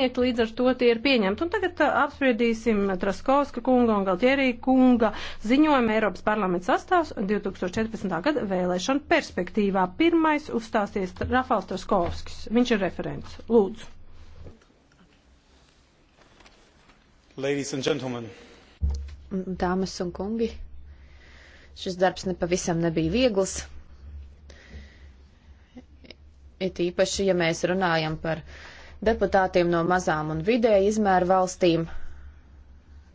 iet, līdz ar to tie ir pieņemti. Un tagad uh, apspriedīsim Traskovska kunga un Galtierī kunga ziņojumu Eiropas parlamenta sastāvs 2014. gada vēlēšanu perspektīvā. Pirmais uzstāsies Rafals Traskovskis. Viņš ir referents. Lūdzu. Ladies and gentlemen. Dāmas un kungi, šis darbs nepavisam nebija viegls. It īpaši, ja mēs runājam par uh, deputātiem no mazām un vidēji izmēru valstīm,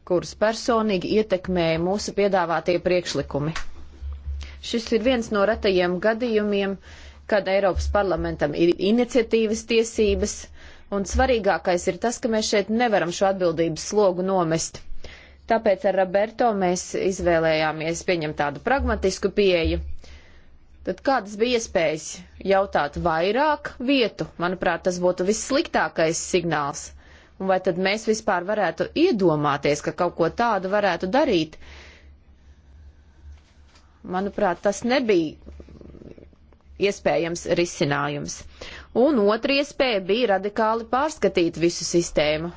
kuras personīgi ietekmēja mūsu piedāvātie priekšlikumi. Šis ir viens no retajiem gadījumiem, kad Eiropas parlamentam ir iniciatīvas tiesības, un svarīgākais ir tas, ka mēs šeit nevaram šo atbildības slogu nomest. Tāpēc ar Roberto mēs izvēlējāmies pieņemt tādu pragmatisku pieeju. Uh, Tad kādas bija iespējas jautāt vairāk vietu? Manuprāt, tas būtu vissliktākais signāls. Un vai tad mēs vispār varētu iedomāties, ka kaut ko tādu varētu darīt? Manuprāt, tas nebija iespējams risinājums. Un otra iespēja bija radikāli pārskatīt visu sistēmu.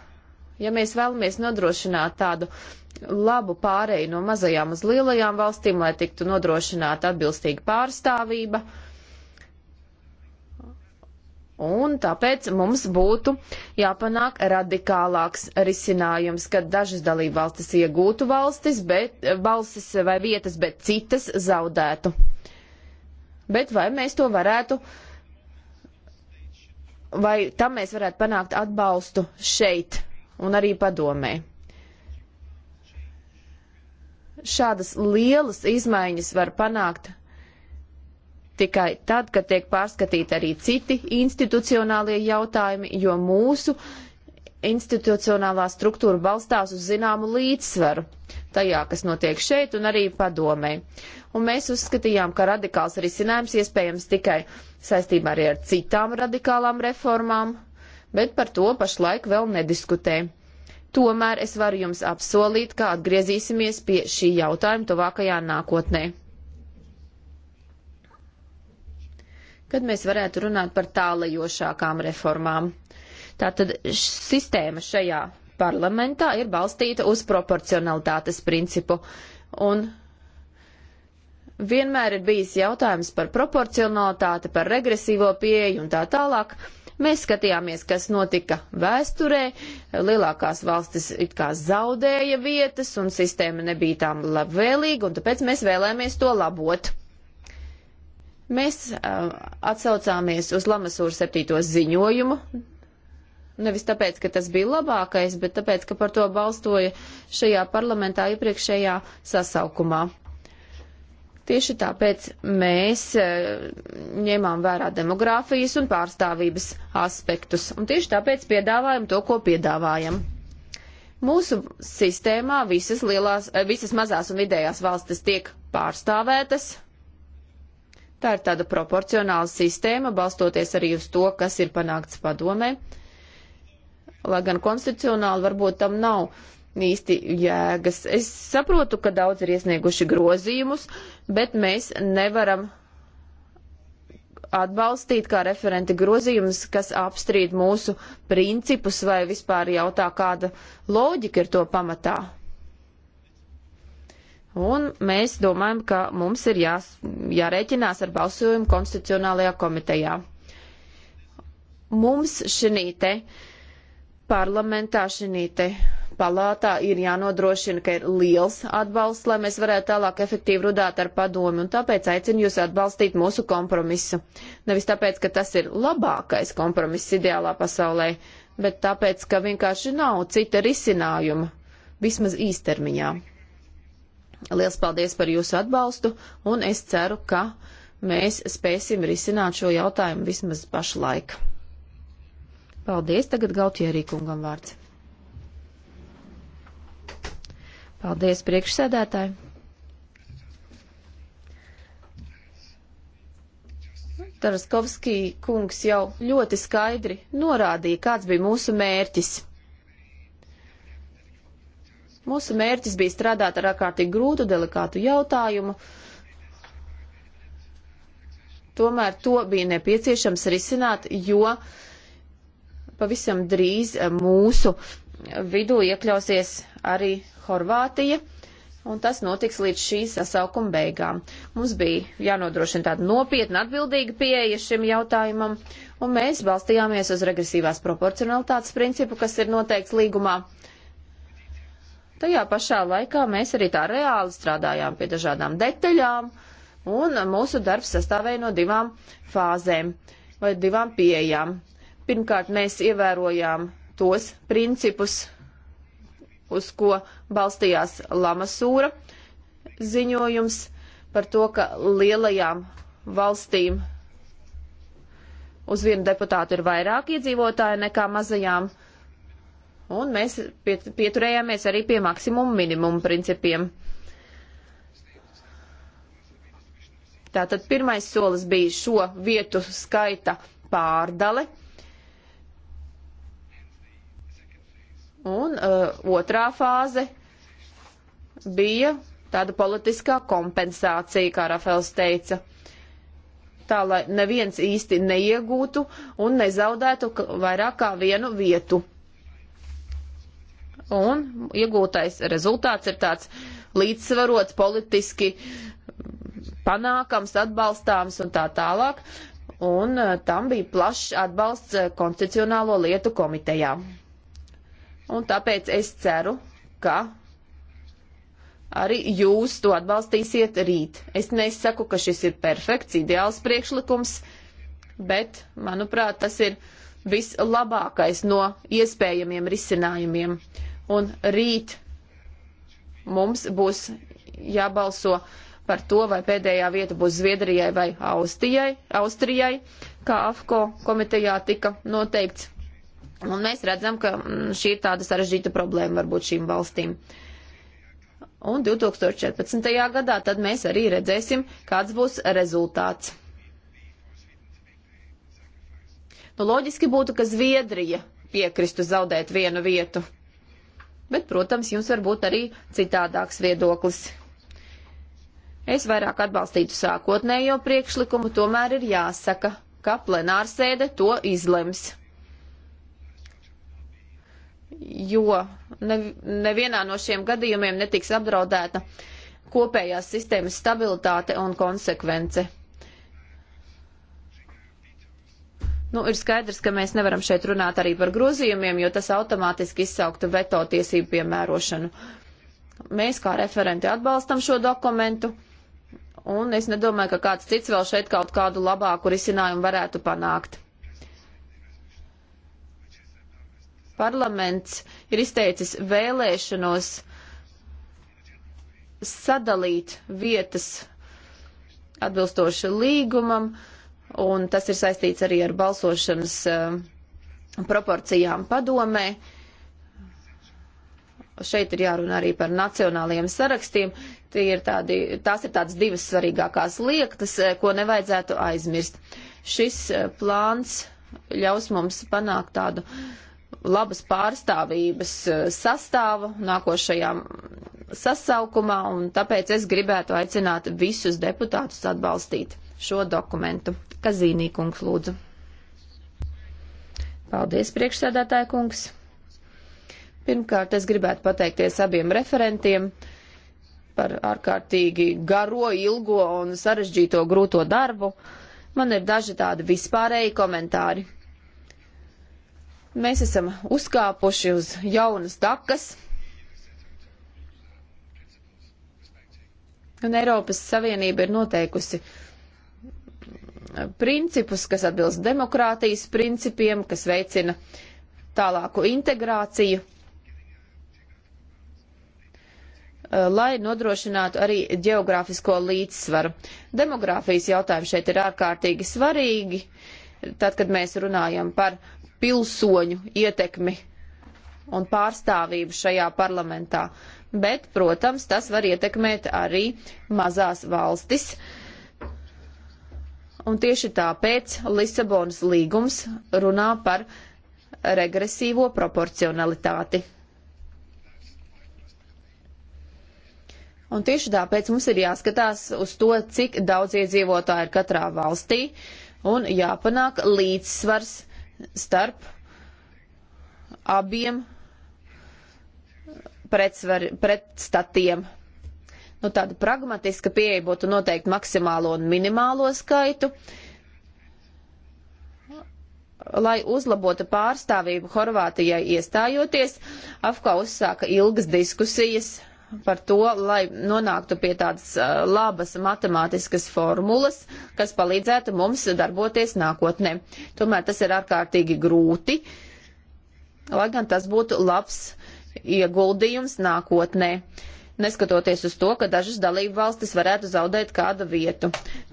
Ja mēs vēlamies nodrošināt tādu uh, labu pāreju no mazajām uz lielajām valstīm, lai tiktu nodrošināta atbilstīga pārstāvība. Un tāpēc mums būtu jāpanāk radikālāks risinājums, kad dažas dalībvalstis iegūtu valstis, bet, valstis vai vietas, bet citas zaudētu. Bet vai mēs to varētu, vai tam mēs varētu panākt atbalstu šeit un arī padomē? šādas lielas izmaiņas var panākt tikai tad, kad tiek pārskatīti arī citi institucionālie jautājumi, jo mūsu institucionālā struktūra balstās uz zināmu līdzsvaru tajā, kas notiek šeit un arī padomē. Un mēs uzskatījām, ka radikāls risinājums iespējams tikai saistībā arī ar citām radikālām reformām, bet par to pašlaik vēl nediskutējam. Tomēr es varu jums apsolīt, ka atgriezīsimies pie šī jautājuma tuvākajā nākotnē. Kad mēs varētu runāt par tālajošākām reformām. Tātad sistēma šajā parlamentā ir balstīta uz proporcionalitātes principu. Un vienmēr ir bijis jautājums par proporcionalitāti, par regresīvo pieeju un tā tālāk. Mēs skatījāmies, kas notika vēsturē, lielākās valstis it kā zaudēja vietas un sistēma nebija tām labvēlīga, un tāpēc mēs vēlējāmies to labot. Mēs uh, atsaucāmies uz Lamasūra septīto ziņojumu, nevis tāpēc, ka tas bija labākais, bet tāpēc, ka par to balstoja šajā parlamentā iepriekšējā sasaukumā. Tieši tāpēc mēs e, ņēmām vērā demogrāfijas un pārstāvības aspektus, un tieši tāpēc piedāvājam to, ko piedāvājam. Mūsu sistēmā visas, lielās, e, visas mazās un vidējās valstis tiek pārstāvētas. Tā ir tāda proporcionāla sistēma, balstoties arī uz to, kas ir panākts padomē. Lai gan konstitucionāli varbūt tam nav īsti jēgas. Es saprotu, ka daudz ir iesnieguši grozījumus, bet mēs nevaram atbalstīt kā referenti grozījumus, kas apstrīd mūsu principus vai vispār jautā, kāda loģika ir to pamatā. Un mēs domājam, ka mums ir jā, jārēķinās ar balsojumu konstitucionālajā komitejā. Mums šī te parlamentā šī te palātā ir jānodrošina, ka ir liels atbalsts, lai mēs varētu tālāk efektīvi rudāt ar padomi, un tāpēc aicinu jūs atbalstīt mūsu kompromisu. Nevis tāpēc, ka tas ir labākais kompromiss ideālā pasaulē, bet tāpēc, ka vienkārši nav cita risinājuma, vismaz īstermiņā. Liels paldies par jūsu atbalstu, un es ceru, ka mēs spēsim risināt šo jautājumu vismaz pašlaik. Paldies, tagad Gautierī kungam vārds. Paldies, priekšsēdētāji! Taraskovskī kungs jau ļoti skaidri norādīja, kāds bija mūsu mērķis. Mūsu mērķis bija strādāt ar ārkārtīgi grūtu, delikātu jautājumu. Tomēr to bija nepieciešams risināt, jo pavisam drīz mūsu vidū iekļausies arī Horvātija, un tas notiks līdz šī sasaukuma beigām. Mums bija jānodrošina tāda nopietna atbildīga pieeja šim jautājumam, un mēs balstījāmies uz regresīvās proporcionalitātes principu, kas ir noteikts līgumā. Tajā pašā laikā mēs arī tā reāli strādājām pie dažādām detaļām, un mūsu darbs sastāvēja no divām fāzēm vai divām pieejām. Pirmkārt, mēs ievērojām tos principus, uz ko balstījās Lamasūra ziņojums par to, ka lielajām valstīm uz vienu deputātu ir vairāk iedzīvotāju nekā mazajām, un mēs pieturējāmies arī pie maksimumu minimumu principiem. Tātad pirmais solis bija šo vietu skaita pārdale Un uh, otrā fāze bija tāda politiskā kompensācija, kā Rafels teica, tā lai neviens īsti neiegūtu un nezaudētu vairāk kā vienu vietu. Un iegūtais rezultāts ir tāds līdzsvarots, politiski panākams, atbalstāms un tā tālāk. Un uh, tam bija plašs atbalsts uh, konstitucionālo lietu komitejā. Un tāpēc es ceru, ka arī jūs to atbalstīsiet rīt. Es nesaku, ka šis ir perfekts, ideāls priekšlikums, bet, manuprāt, tas ir vislabākais no iespējamiem risinājumiem. Un rīt mums būs jābalso par to, vai pēdējā vieta būs Zviedrijai vai Austrijai, Austrijai kā AFCO komitejā tika noteikts. Un mēs redzam, ka mm, šī ir tāda sarežģīta problēma varbūt šīm valstīm. Un 2014. gadā tad mēs arī redzēsim, kāds būs rezultāts. Nu, loģiski būtu, ka Zviedrija piekristu zaudēt vienu vietu. Bet, protams, jums var būt arī citādāks viedoklis. Es vairāk atbalstītu sākotnējo priekšlikumu, tomēr ir jāsaka, ka plenārsēde to izlems jo nevienā no šiem gadījumiem netiks apdraudēta kopējās sistēmas stabilitāte un konsekvence. Nu, ir skaidrs, ka mēs nevaram šeit runāt arī par grozījumiem, jo tas automātiski izsauktu veto tiesību piemērošanu. Mēs kā referenti atbalstam šo dokumentu, un es nedomāju, ka kāds cits vēl šeit kaut kādu labāku risinājumu varētu panākt. parlaments ir izteicis vēlēšanos sadalīt vietas atbilstoši līgumam, un tas ir saistīts arī ar balsošanas uh, proporcijām padomē. Šeit ir jārunā arī par nacionālajiem sarakstiem. Tie ir tādi, tās ir tādas divas svarīgākās liektas, eh, ko nevajadzētu aizmirst. Šis eh, plāns ļaus mums panākt tādu uh, labas pārstāvības e, sastāvu nākošajā sasaukumā, un tāpēc es gribētu aicināt visus deputātus atbalstīt šo dokumentu. Kazīnī kungs lūdzu. Paldies, priekšsēdētāja kungs. Pirmkārt, es gribētu pateikties abiem referentiem par ārkārtīgi garo, ilgo un sarežģīto grūto darbu. Man ir daži tādi vispārēji komentāri. Mēs esam uzkāpuši uz jaunas takas. Un Eiropas Savienība ir noteikusi principus, kas atbilst demokrātijas principiem, kas veicina tālāku integrāciju, eh, lai nodrošinātu arī geogrāfisko līdzsvaru. Demogrāfijas jautājumi šeit ir ārkārtīgi svarīgi. Tad, kad mēs runājam par pilsoņu ietekmi un pārstāvību šajā parlamentā. Bet, protams, tas var ietekmēt arī mazās valstis. Un tieši tāpēc Lisabonas līgums runā par regresīvo proporcionalitāti. Un tieši tāpēc mums ir jāskatās uz to, cik daudz iedzīvotāji ir katrā valstī un jāpanāk līdzsvars starp abiem pretsvar, pretstatiem. Nu, tāda pragmatiska pieeja būtu noteikti maksimālo un minimālo skaitu, lai uzlabotu pārstāvību Horvātijai iestājoties. Afkā uzsāka ilgas diskusijas par to, lai nonāktu pie tādas labas matemātiskas formulas, kas palīdzētu mums darboties nākotnē. Tomēr tas ir ārkārtīgi grūti, lai gan tas būtu labs ieguldījums nākotnē. Neskatoties uz to, ka dažas dalību valstis varētu zaudēt kādu vietu.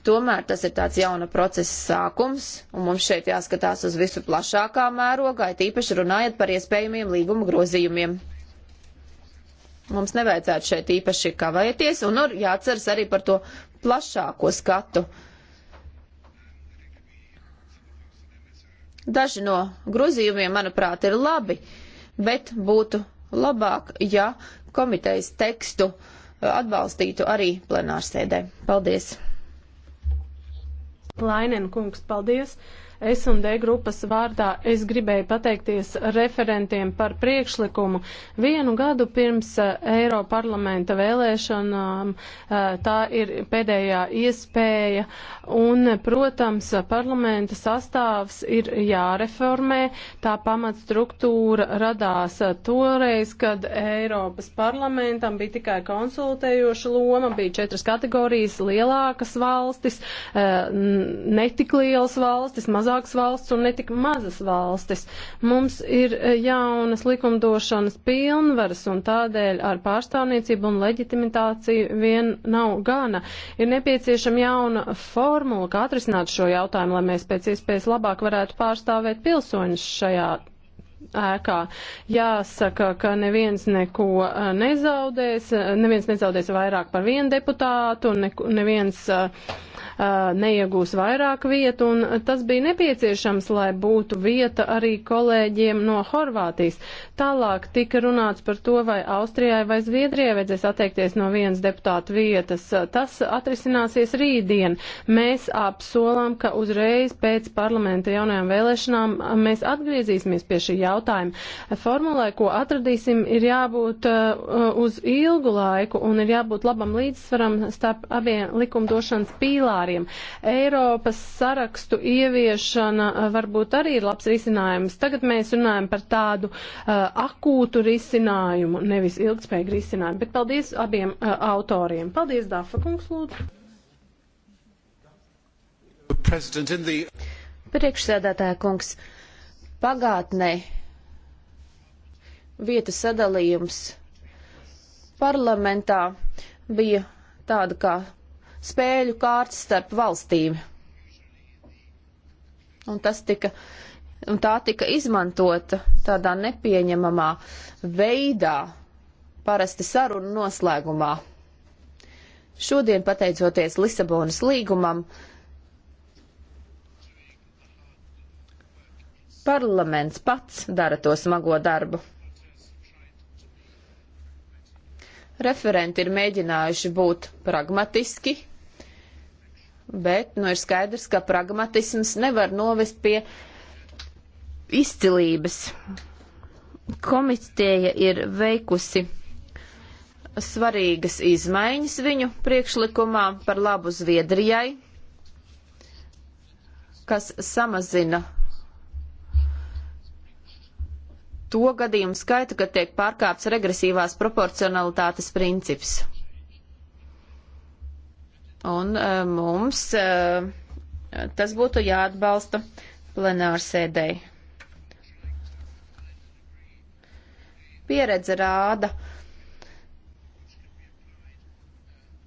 Tomēr tas ir tāds jauna procesa sākums, un mums šeit jāskatās uz visu plašākā mērogā, tīpaši runājot par iespējamiem līguma grozījumiem. Mums nevajadzētu šeit īpaši kavēties, un ir nu, jāceras arī par to plašāko skatu. Daži no grozījumiem, manuprāt, ir labi, bet būtu labāk, ja komitejas tekstu uh, atbalstītu arī plenārsēdē. Paldies! Lainen kungs, paldies! S&D grupas vārdā es gribēju pateikties referentiem par priekšlikumu. Vienu gadu pirms eh, Eiroparlamenta vēlēšanām eh, tā ir pēdējā iespēja un, protams, parlamenta sastāvs ir jāreformē. Tā pamatstruktūra radās eh, toreiz, kad Eiropas parlamentam bija tikai konsultējoša loma, bija četras kategorijas - lielākas valstis, netik lielas valstis, mazākas mazākas valsts un netik mazas valstis. Mums ir eh, jaunas likumdošanas pilnvaras un tādēļ ar pārstāvniecību un leģitimitāciju vien nav gana. Ir nepieciešama jauna formula, kā atrisināt šo jautājumu, lai mēs pēc iespējas labāk varētu pārstāvēt pilsoņus šajā ēkā. Jāsaka, ka neviens neko eh, nezaudēs, neviens nezaudēs vairāk par vienu deputātu, ne, neviens. Uh, neiegūs vairāk vietu, un tas bija nepieciešams, lai būtu vieta arī kolēģiem no Horvātijas. Tālāk tika runāts par to, vai Austrijai vai Zviedrijai vajadzēs atteikties no vienas deputāta vietas. Tas atrisināsies rītdien. Mēs apsolām, ka uzreiz pēc parlamenta jaunajām vēlēšanām mēs atgriezīsimies pie šī jautājuma. Formulai, ko atradīsim, ir jābūt uh, uz ilgu laiku un ir jābūt labam līdzsvaram starp abiem likumdošanas pīlāriem komisāriem. Eiropas sarakstu ieviešana eh, varbūt arī ir labs risinājums. Tagad mēs runājam par tādu uh, akūtu risinājumu, nevis ilgspējīgu risinājumu. Bet paldies abiem uh, autoriem. Paldies, Dāfa kungs, lūdzu. The... Priekšsēdētāja kungs, pagātnē vietas sadalījums parlamentā bija tāda kā spēļu kārtas starp valstīm. Un tas tika, un tā tika izmantota tādā nepieņemamā veidā, parasti sarunu noslēgumā. Šodien, pateicoties Lisabonas līgumam, parlaments pats dara to smago darbu. Referenti ir mēģinājuši būt pragmatiski, bet nu, ir skaidrs, ka pragmatisms nevar novest pie izcilības. Komiteja ir veikusi svarīgas izmaiņas viņu priekšlikumā par labu Zviedrijai, kas samazina to gadījumu skaitu, kad tiek pārkāpts regresīvās proporcionalitātes princips. Un eh, mums eh, tas būtu jāatbalsta plenārsēdēji. Pieredze rāda,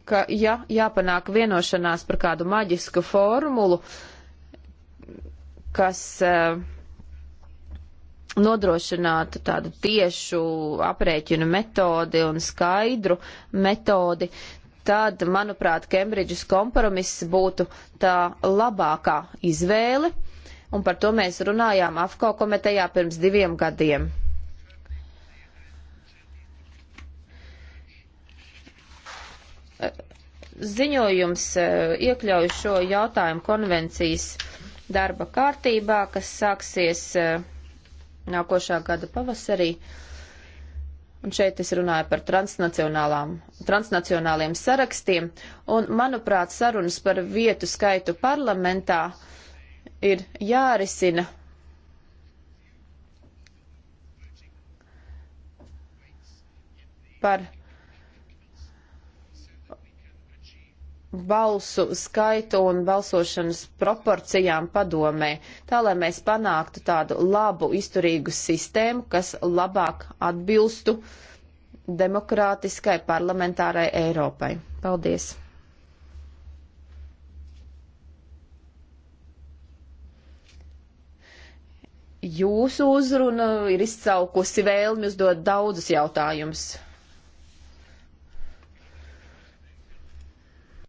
ka ja jāpanāk vienošanās par kādu maģisku formulu, kas eh, nodrošinātu tādu tiešu aprēķinu metodi un skaidru metodi, tad, manuprāt, Kembridžas kompromiss būtu tā labākā izvēle, un par to mēs runājām AFCO komitejā pirms diviem gadiem. Ziņojums e, iekļauj šo jautājumu konvencijas darba kārtībā, kas sāksies e, nākošā gada pavasarī. Uh, Un šeit es runāju par transnacionāliem sarakstiem, un, manuprāt, sarunas par vietu skaitu parlamentā ir jārisina par balsu skaitu un balsošanas proporcijām padomē, tā lai mēs panāktu tādu labu, izturīgu sistēmu, kas labāk atbilstu demokrātiskai parlamentārai Eiropai. Paldies! Jūsu uzruna ir izcaukusi vēlmi uzdot daudzus jautājumus.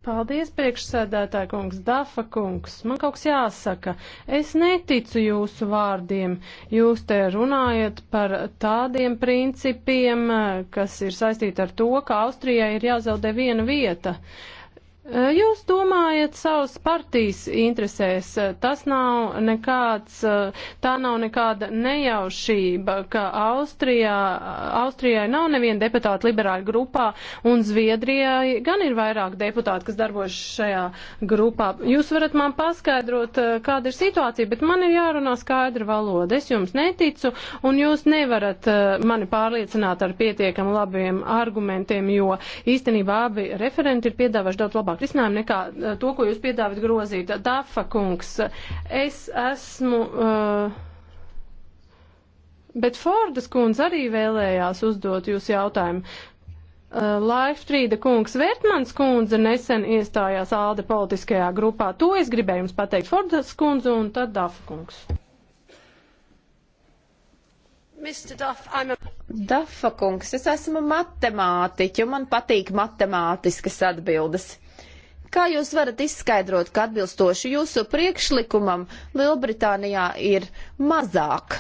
Paldies, priekšsēdētāja kungs, Dafa kungs. Man kaut kas jāsaka. Es neticu jūsu vārdiem. Jūs te runājat par tādiem principiem, eh, kas ir saistīti ar to, ka Austrijai ir jāzaudē viena vieta. Uh, Eh, jūs domājat savas partijas interesēs. Eh, tas nav nekāds, eh, tā nav nekāda nejaušība, ka Austrijā, Austrijai nav neviena deputāta liberāļu grupā un Zviedrijai gan ir vairāk deputāti, kas darbojas šajā grupā. Jūs varat man paskaidrot, kāda ir situācija, bet man ir jārunā skaidra valoda. Es jums neticu un jūs nevarat mani pārliecināt ar pietiekam labiem argumentiem, jo īstenībā abi referenti ir piedāvājuši daudz labāk labāk risinājumu nekā eh, to, ko jūs piedāvājat grozīt. Dafa kungs, es esmu. Uh, Bet Fordas kundze arī vēlējās uzdot jūs jautājumu. Uh, Laifstrīda kungs Vērtmans kundze nesen iestājās ALDE politiskajā grupā. To es gribēju jums pateikt Fordas kundze un tad Dafa kungs. Duff, a... Dafa kungs, es esmu matemātiķi un man patīk matemātiskas atbildes. Kā jūs varat izskaidrot, ka atbilstoši jūsu priekšlikumam Lielbritānijā ir mazāk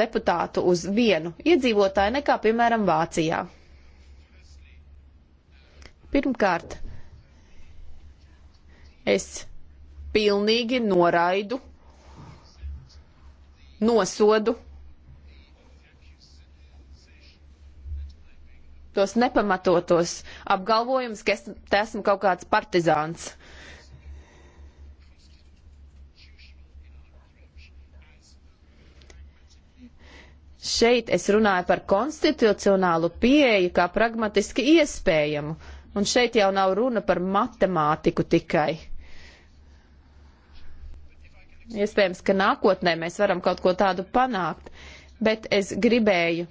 deputātu uz vienu iedzīvotāju nekā, piemēram, Vācijā? Pirmkārt, es pilnīgi noraidu, nosodu tos nepamatotos apgalvojumus, ka es te esmu kaut kāds partizāns. Šeit es runāju par konstitucionālu pieeju kā pragmatiski iespējamu, un šeit jau nav runa par matemātiku tikai. Iespējams, ka nākotnē mēs varam kaut ko tādu panākt, bet es gribēju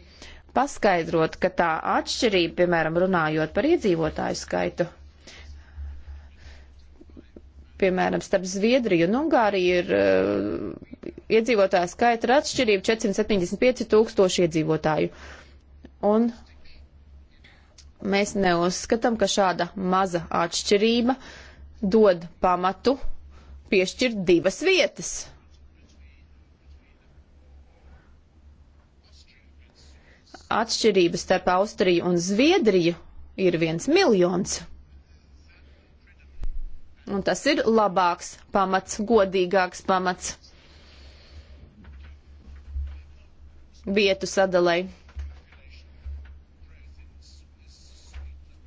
paskaidrot, ka tā atšķirība, piemēram, runājot par iedzīvotāju skaitu, piemēram, starp Zviedriju un Ungāriju ir uh, iedzīvotāju skaita ir atšķirība 475 tūkstoši iedzīvotāju. Un mēs neuzskatām, ka šāda maza atšķirība dod pamatu piešķirt divas vietas atšķirības starp Austriju un Zviedriju ir viens miljons. Un tas ir labāks pamats, godīgāks pamats vietu sadalēji.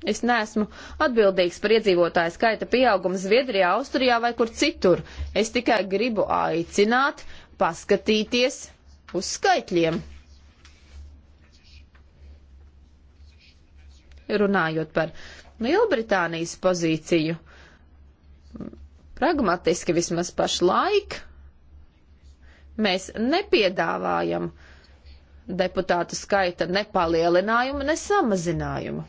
Es neesmu atbildīgs par iedzīvotāju skaita pieaugumu Zviedrijā, Austrijā vai kur citur. Es tikai gribu aicināt paskatīties uz skaitļiem. runājot par Lielbritānijas pozīciju. Pragmatiski vismaz pašlaik mēs nepiedāvājam deputātu skaita nepalielinājumu, ne samazinājumu.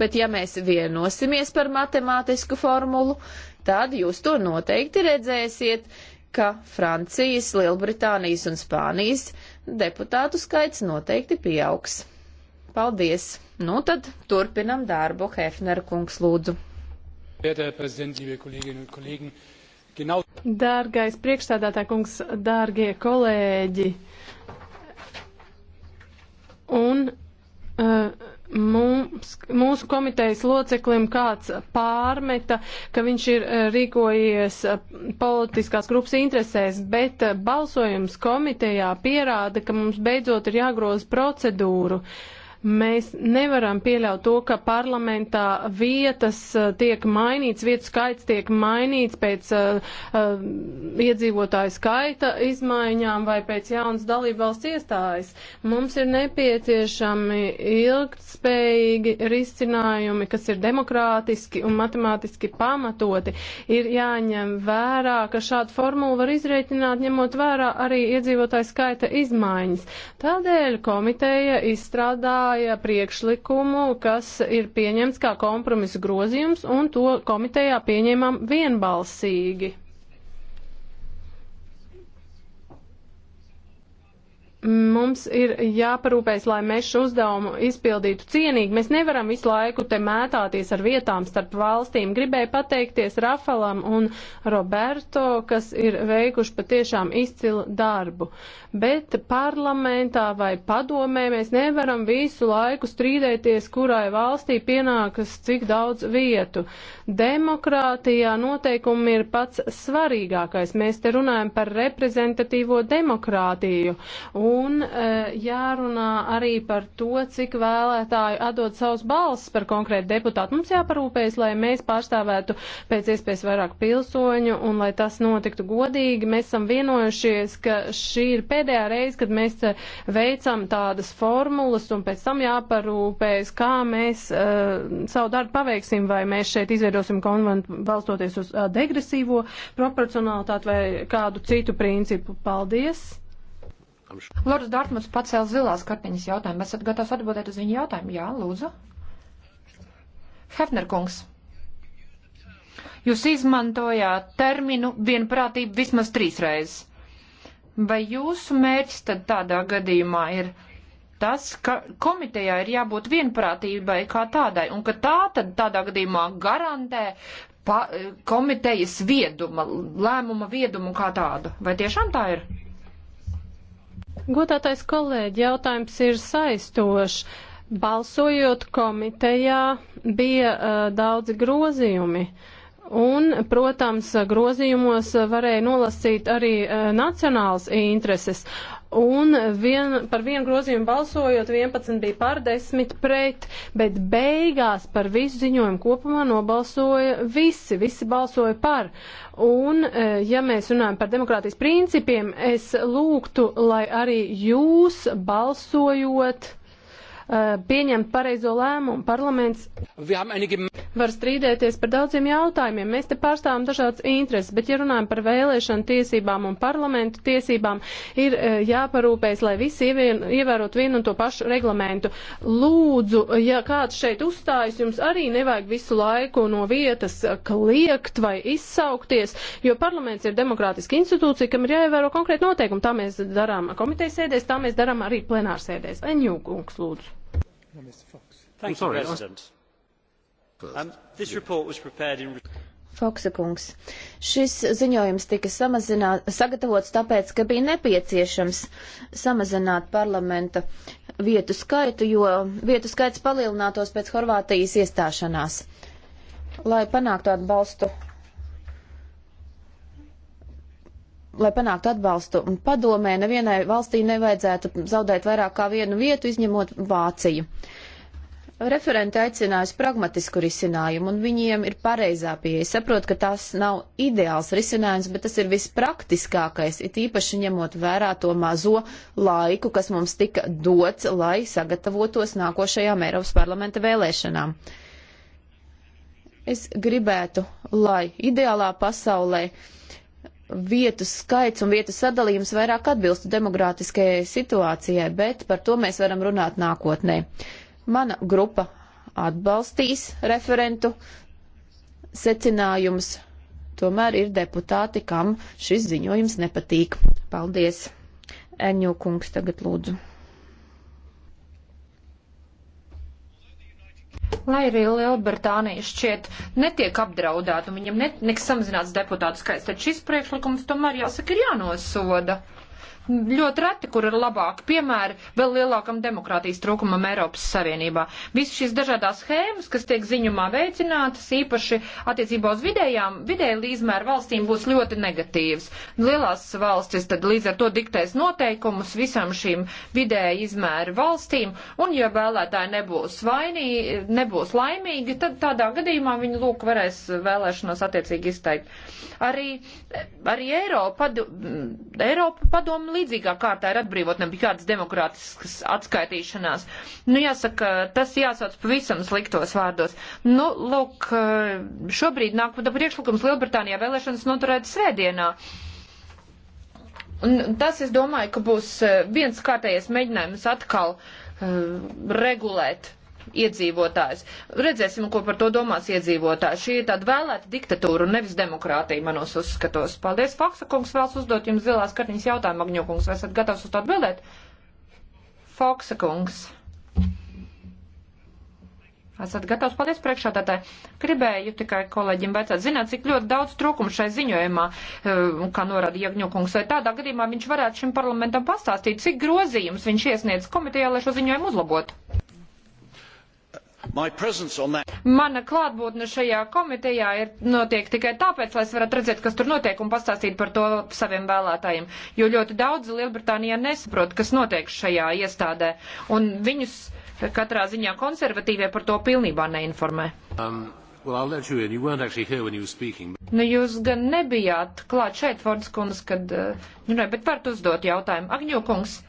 Bet ja mēs vienosimies par matemātisku formulu, tad jūs to noteikti redzēsiet ka Francijas, Lielbritānijas un Spānijas deputātu skaits noteikti pieaugs. Paldies! Nu tad turpinam darbu, Hefner kungs lūdzu. Dārgais priekšstādātā kungs, dārgie kolēģi! Un, uh, mums, mūsu komitejas loceklim kāds pārmeta, ka viņš ir eh, rīkojies eh, politiskās grupas interesēs, bet eh, balsojums komitejā pierāda, ka mums beidzot ir jāgroza procedūru. Uh, Mēs nevaram pieļaut to, ka parlamentā vietas eh, tiek mainīts, vietu skaits tiek mainīts pēc uh, uh, iedzīvotāju skaita izmaiņām vai pēc jaunas dalību valsts iestājas. Mums ir nepieciešami ilgtspējīgi risinājumi, kas ir demokrātiski un matemātiski pamatoti. Ir jāņem vērā, ka šādu formulu var izrēķināt, ņemot vērā arī iedzīvotāju skaita izmaiņas. Tādēļ komiteja izstrādāja piedāvāja priekšlikumu, kas ir pieņemts kā kompromisa grozījums, un to komitejā pieņēmām vienbalsīgi. mums ir jāparūpēs, lai mēs šo uzdevumu izpildītu cienīgi. Mēs nevaram visu laiku te mētāties ar vietām starp valstīm. Gribēju pateikties Rafalam un Roberto, kas ir veikuši patiešām izcilu darbu. Bet parlamentā vai padomē mēs nevaram visu laiku strīdēties, kurai valstī pienākas cik daudz vietu. Demokrātijā noteikumi ir pats svarīgākais. Mēs te runājam par reprezentatīvo demokrātiju. Un Un e, jārunā arī par to, cik vēlētāju atdod savus balsis par konkrētu deputātu. Mums jāparūpējas, lai mēs pārstāvētu pēc iespējas vairāk pilsoņu un lai tas notiktu godīgi. Mēs esam vienojušies, ka šī ir pēdējā reize, kad mēs e, veicam tādas formulas un pēc tam jāparūpējas, kā mēs uh, savu darbu paveiksim, vai mēs šeit izveidosim konventu balstoties uz uh, degresīvo proporcionalitāti vai kādu citu principu. Paldies! Lords Dārtmats pacēla zilās kartiņas jautājumu. Esat gatavs atbildēt uz viņu jautājumu? Jā, lūdzu. Hefner kungs. Jūs izmantojāt terminu vienprātība vismaz trīs reizes. Vai jūsu mērķis tad tādā gadījumā ir tas, ka komitejā ir jābūt vienprātībai kā tādai, un ka tā tad tādā gadījumā garantē pa, eh, komitejas vieduma, lēmuma viedumu kā tādu. Vai tiešām tā ir? Godātais kolēģi, jautājums ir saistošs. Balsojot komitejā bija uh, daudzi grozījumi. Un, protams, grozījumos varēja nolasīt arī uh, nacionāls intereses un vien, par vienu grozījumu balsojot 11 bija par 10 pret, bet beigās par visu ziņojumu kopumā nobalsoja visi, visi balsoja par. Un, e, ja mēs runājam par demokrātijas principiem, es lūgtu, lai arī jūs balsojot Uh, pieņemt pareizo lēmumu. Parlaments var strīdēties par daudziem jautājumiem. Mēs te pārstāvam dažādas intereses, bet ja runājam par vēlēšanu tiesībām un parlamentu tiesībām, ir uh, jāparūpēs, lai visi ievērot vienu un to pašu reglamentu. Lūdzu, ja kāds šeit uzstājas, jums arī nevajag visu laiku no vietas uh, kliegt vai izsaukties, jo parlaments ir demokrātiska institūcija, kam ir jāievēro konkrēti noteikumi. Tā mēs darām komitejas sēdēs, tā mēs darām arī plenārsēdēs. Enjūkungs, lūdzu. Thank you, President. Um, this report was prepared in... Foksa kungs, šis ziņojums tika sagatavots tāpēc, ka bija nepieciešams samazināt parlamenta vietu skaitu, jo vietu skaits palielinātos pēc Horvātijas iestāšanās. Lai panāktu atbalstu lai panāktu atbalstu padomē, nevienai valstī nevajadzētu zaudēt vairāk kā vienu vietu, izņemot Vāciju. Referenti aicinājusi pragmatisku risinājumu, un viņiem ir pareizā pieeja. Saprot, ka tas nav ideāls risinājums, bet tas ir vispraktiskākais, it īpaši ņemot vērā to mazo laiku, kas mums tika dots, lai sagatavotos nākošajām Eiropas parlamenta vēlēšanām. Es gribētu, lai ideālā pasaulē vietu skaits un vietu sadalījums vairāk atbilstu demokrātiskajai situācijai, bet par to mēs varam runāt nākotnē. Mana grupa atbalstīs referentu secinājumus, tomēr ir deputāti, kam šis ziņojums nepatīk. Paldies! Eņo kungs tagad lūdzu. Lai arī Lielbritānija šķiet netiek apdraudēta un viņam net, nekas samazināts deputātu skaits, tad šis priekšlikums tomēr jāsaka ir jānosoda ļoti reti, kur ir labāki piemēri vēl lielākam demokrātijas trūkumam Eiropas Savienībā. Visas šīs dažādās schēmas, kas tiek ziņumā veicinātas, īpaši attiecībā uz vidējām, vidēji izmēru valstīm būs ļoti negatīvas. Lielās valstis tad līdz ar to diktēs noteikumus visam šīm vidēji izmēru valstīm, un ja vēlētāji nebūs vainī, nebūs laimīgi, tad tādā gadījumā viņi lūk varēs vēlēšanos attiecīgi izteikt. Arī, arī Eiropa, Eiropa padomu līdzīgā kārtā ir atbrīvot nebija kādas demokrātiskas atskaitīšanās. Nu, jāsaka, tas jāsauc pavisam sliktos vārdos. Nu, lūk, eh, šobrīd nāk pat priekšlikums Lielbritānijā vēlēšanas noturēt svētdienā. Un tas, es domāju, ka būs eh, viens kārtējies mēģinājums atkal uh, regulēt iedzīvotājs. Redzēsim, ko par to domās iedzīvotājs. Šī ir tāda vēlēta diktatūra un nevis demokrātija manos uzskatos. Paldies, Faksa kungs, vēlas uzdot jums zilās kartiņas jautājumu, Agņokungs, vai esat gatavs uz to atbildēt? Faksa kungs. Esat gatavs paldies priekšādātāji. Gribēju tikai kolēģim vajadzētu zināt, cik ļoti daudz trūkumu šai ziņojumā, eh, kā norāda Jagņokungs, vai tādā gadījumā viņš varētu šim parlamentam pastāstīt, cik grozījums viņš iesniedz komitejā, lai šo ziņojumu uzlabotu. That... Mana klātbūtne šajā komitejā ir notiek tikai tāpēc, lai es varētu redzēt, kas tur notiek un pastāstīt par to saviem vēlētājiem, jo ļoti daudzi Lielbritānijā nesaprot, kas notiek šajā iestādē, un viņus katrā ziņā konservatīvie par to pilnībā neinformē. Um. Well, speaking, but... Nu, jūs gan nebijāt klāt šeit, Fords kungs, kad, uh, nu, ne, bet varat uzdot jautājumu. Agņokungs,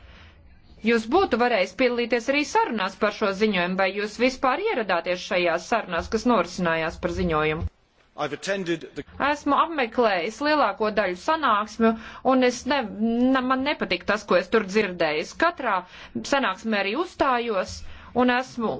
Jūs būtu varējis piedalīties arī sarunās par šo ziņojumu, vai jūs vispār ieradāties šajās sarunās, kas norisinājās par ziņojumu? The... Esmu apmeklējis lielāko daļu sanāksmju, un es ne, ne, man nepatīk tas, ko es tur dzirdēju. Katrā sanāksmē arī uzstājos, un esmu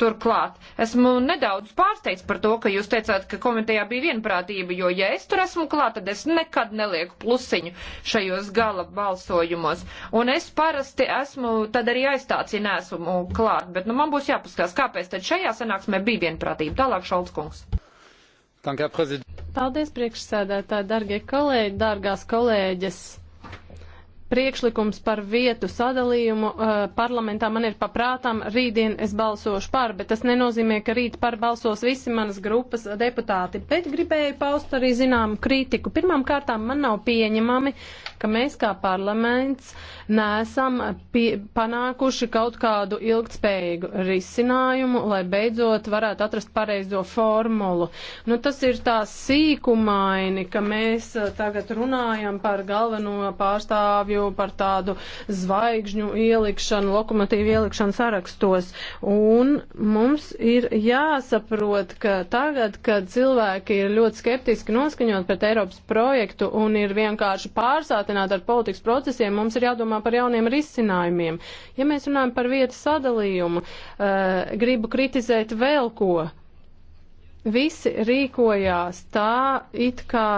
turklāt. Esmu nedaudz pārsteigts par to, ka jūs teicāt, ka komitejā bija vienprātība, jo ja es tur esmu klāt, tad es nekad nelieku plusiņu šajos gala balsojumos. Un es parasti esmu tad arī aizstāts, ja neesmu klāt, bet nu man būs jāpaskās, kāpēc tad šajā sanāksmē bija vienprātība. Tālāk Šaldskungs. Paldies priekšsēdētāji, dargie kolēģi, dargās kolēģis priekšlikums par vietu sadalījumu uh, parlamentā man ir paprātām. Rītdien es balsošu par, bet tas nenozīmē, ka rīt par balsos visi manas grupas deputāti. Bet gribēju paust arī zināmu kritiku. Pirmām kārtām man nav pieņemami, ka mēs kā parlaments nesam pie, panākuši kaut kādu ilgtspējīgu risinājumu, lai beidzot varētu atrast pareizo formulu. Nu, tas ir tā sīkumaini, ka mēs eh, tagad runājam par galveno pārstāvju ideju par tādu zvaigžņu ielikšanu, lokomotīvu ielikšanu sarakstos. Un mums ir jāsaprot, ka tagad, kad cilvēki ir ļoti skeptiski noskaņot pret Eiropas projektu un ir vienkārši pārsātināti ar politikas procesiem, mums ir jādomā par jauniem risinājumiem. Ja mēs runājam par vietas sadalījumu, uh, gribu kritizēt vēl ko visi rīkojās tā, it kā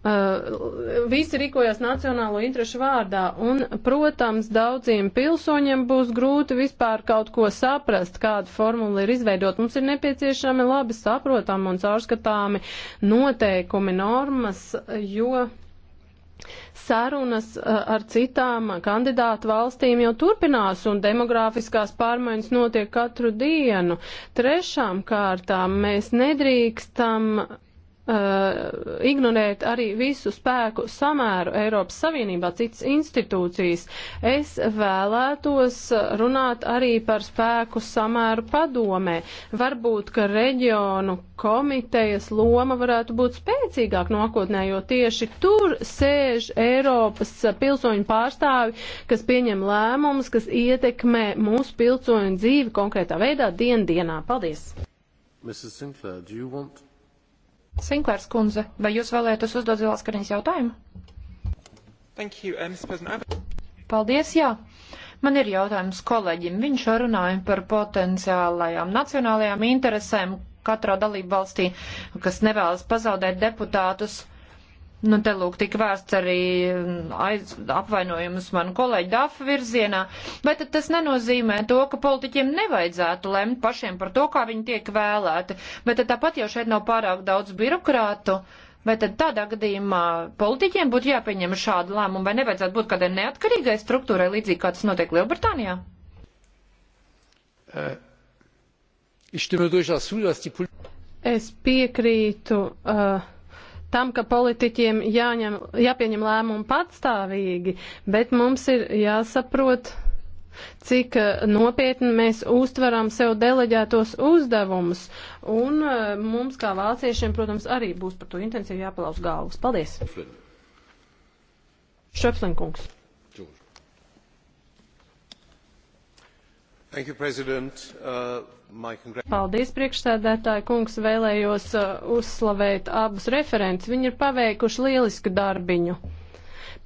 Uh, visi rīkojās nacionālo interešu vārdā, un, protams, daudziem pilsoņiem būs grūti vispār kaut ko saprast, kādu formulu ir izveidot. Mums ir nepieciešami labi saprotami un caurskatāmi noteikumi, normas, jo sarunas uh, ar citām kandidātu valstīm jau turpinās un demografiskās pārmaiņas notiek katru dienu. Trešām kārtām mēs nedrīkstam uh, ignorēt arī visu spēku samēru Eiropas Savienībā, citas institūcijas. Es vēlētos runāt arī par spēku samēru padomē. Varbūt, ka reģionu komitejas loma varētu būt spēcīgāk nākotnē, jo tieši tur sēž Eiropas pilsoņu pārstāvi, kas pieņem lēmumus, kas ietekmē mūsu pilsoņu dzīvi konkrētā veidā dienu dienā. Paldies! Mrs. Sinclair, do you want Sinklērs kundze, vai jūs vēlētos uzdot zilās kariņas jautājumu? Thank you, um, Paldies, jā. Man ir jautājums kolēģim. Viņš runāja par potenciālajām nacionālajām interesēm katrā dalību valstī, kas nevēlas pazaudēt deputātus. Uh, Nu, te lūk, tik vērsts arī mm, aiz, apvainojums manu kolēģi Dāfa virzienā, bet tad tas nenozīmē to, ka politiķiem nevajadzētu lemt pašiem par to, kā viņi tiek vēlēti, bet tad tāpat jau šeit nav pārāk daudz birokrātu, vai tad tādā gadījumā politiķiem būtu jāpieņem šādu lēmumu, vai nevajadzētu būt kādai neatkarīgai struktūrai, līdzīgi kā tas notiek Lielbritānijā? Eh, es piekrītu. Uh tam, ka politiķiem jāņem, jāpieņem lēmumu patstāvīgi, bet mums ir jāsaprot, cik eh, nopietni mēs uztveram sev deleģētos uzdevumus. Un eh, mums, kā vāciešiem, protams, arī būs par to intensīvi jāpalauz galvas. Paldies! Šöpslinkungs. You, uh, Paldies, priekšsēdētāji kungs, vēlējos uh, uzslavēt abus referents. Viņi ir paveikuši lielisku darbiņu.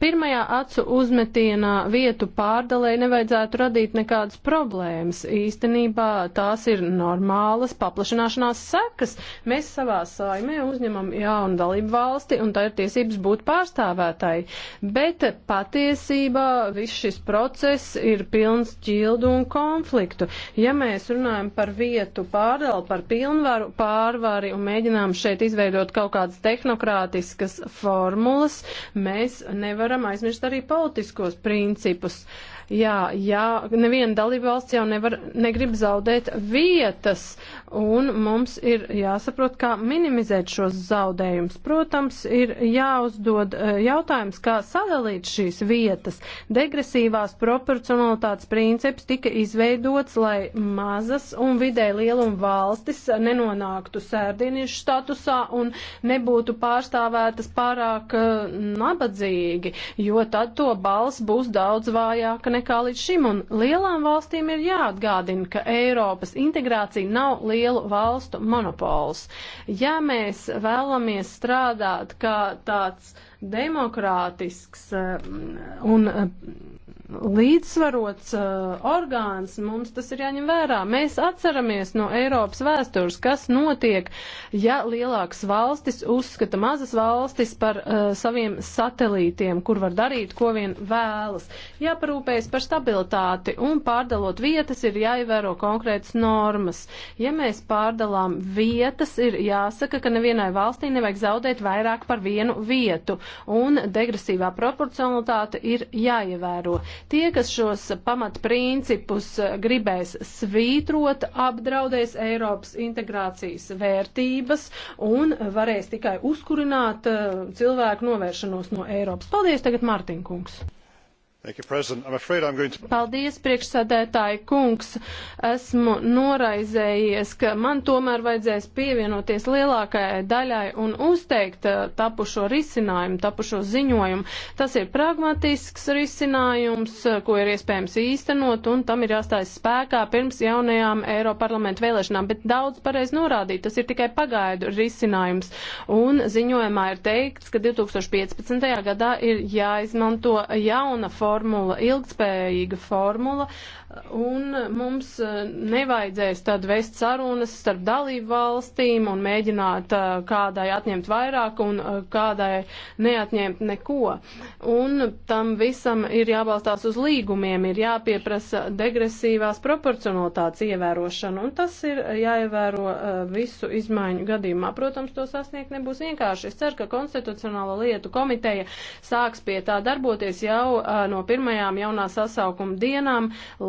Pirmajā acu uzmetienā vietu pārdalēji nevajadzētu radīt nekādas problēmas. Īstenībā tās ir normālas paplašanāšanās sekas. Mēs savā saimē uzņemam jaunu dalību valsti un tā ir tiesības būt pārstāvētāji. Bet patiesībā viss šis process ir pilns ķildu un konfliktu. Ja mēs runājam par vietu pārdalu, par pilnvaru pārvari un mēģinām šeit izveidot kaut kādas tehnokrātiskas formulas, mēs nevaram nevaram aizmirst arī politiskos principus. Uh, Jā, jā, neviena dalībvalsts jau nevar, negrib zaudēt vietas, un mums ir jāsaprot, kā minimizēt šos zaudējumus. Protams, ir jāuzdod e, jautājums, kā sadalīt šīs vietas. Degresīvās proporcionalitātes princips tika izveidots, lai mazas un vidē lieluma valstis nenonāktu sērdiniešu statusā un nebūtu pārstāvētas pārāk e, nabadzīgi, jo tad to balss būs daudz vājāka nekā līdz šim, un lielām valstīm ir jāatgādina, ka Eiropas integrācija nav lielu valstu monopols. Ja mēs vēlamies strādāt kā tāds demokrātisks eh, un eh, līdzsvarots uh, orgāns, mums tas ir jāņem vērā. Mēs atceramies no Eiropas vēstures, kas notiek, ja lielākas valstis uzskata mazas valstis par uh, saviem satelītiem, kur var darīt, ko vien vēlas. Jāparūpējas par stabilitāti un pārdalot vietas ir jāievēro konkrētas normas. Ja mēs pārdalām vietas, ir jāsaka, ka nevienai valstī nevajag zaudēt vairāk par vienu vietu, un degresīvā proporcionalitāte ir jāievēro. Tie, kas šos pamatprincipus gribēs svītrot, apdraudēs Eiropas integrācijas vērtības un varēs tikai uzkurināt eh, cilvēku novēršanos no Eiropas. Paldies, tagad Mārtiņkungs. Paldies, priekšsēdētāji kungs. Esmu noraizējies, ka man tomēr vajadzēs pievienoties lielākajai daļai un uzteikt eh, tapušo risinājumu, tapušo ziņojumu. Tas ir pragmatisks risinājums, eh, ko ir iespējams īstenot, un tam ir jāstājas spēkā pirms jaunajām Eiroparlamentu vēlēšanām. Bet daudz pareiz norādīt, tas ir tikai pagaidu risinājums. Un ziņojumā ir teikts, ka 2015. gadā ir jāizmanto jauna forma formula, ilgspējīga formula, un mums e, nevajadzēs tad vest sarunas starp dalību valstīm un mēģināt e, kādai atņemt vairāk un e, kādai neatņemt neko. Un tam visam ir jābalstās uz līgumiem, ir jāpieprasa degresīvās proporcionalitātes ievērošana, un tas ir jāievēro visu izmaiņu gadījumā. Protams, to sasniegt nebūs vienkārši. Es ceru, ka Konstitucionāla lietu komiteja sāks pie tā darboties jau no pirmajām jaunā sasaukuma dienām,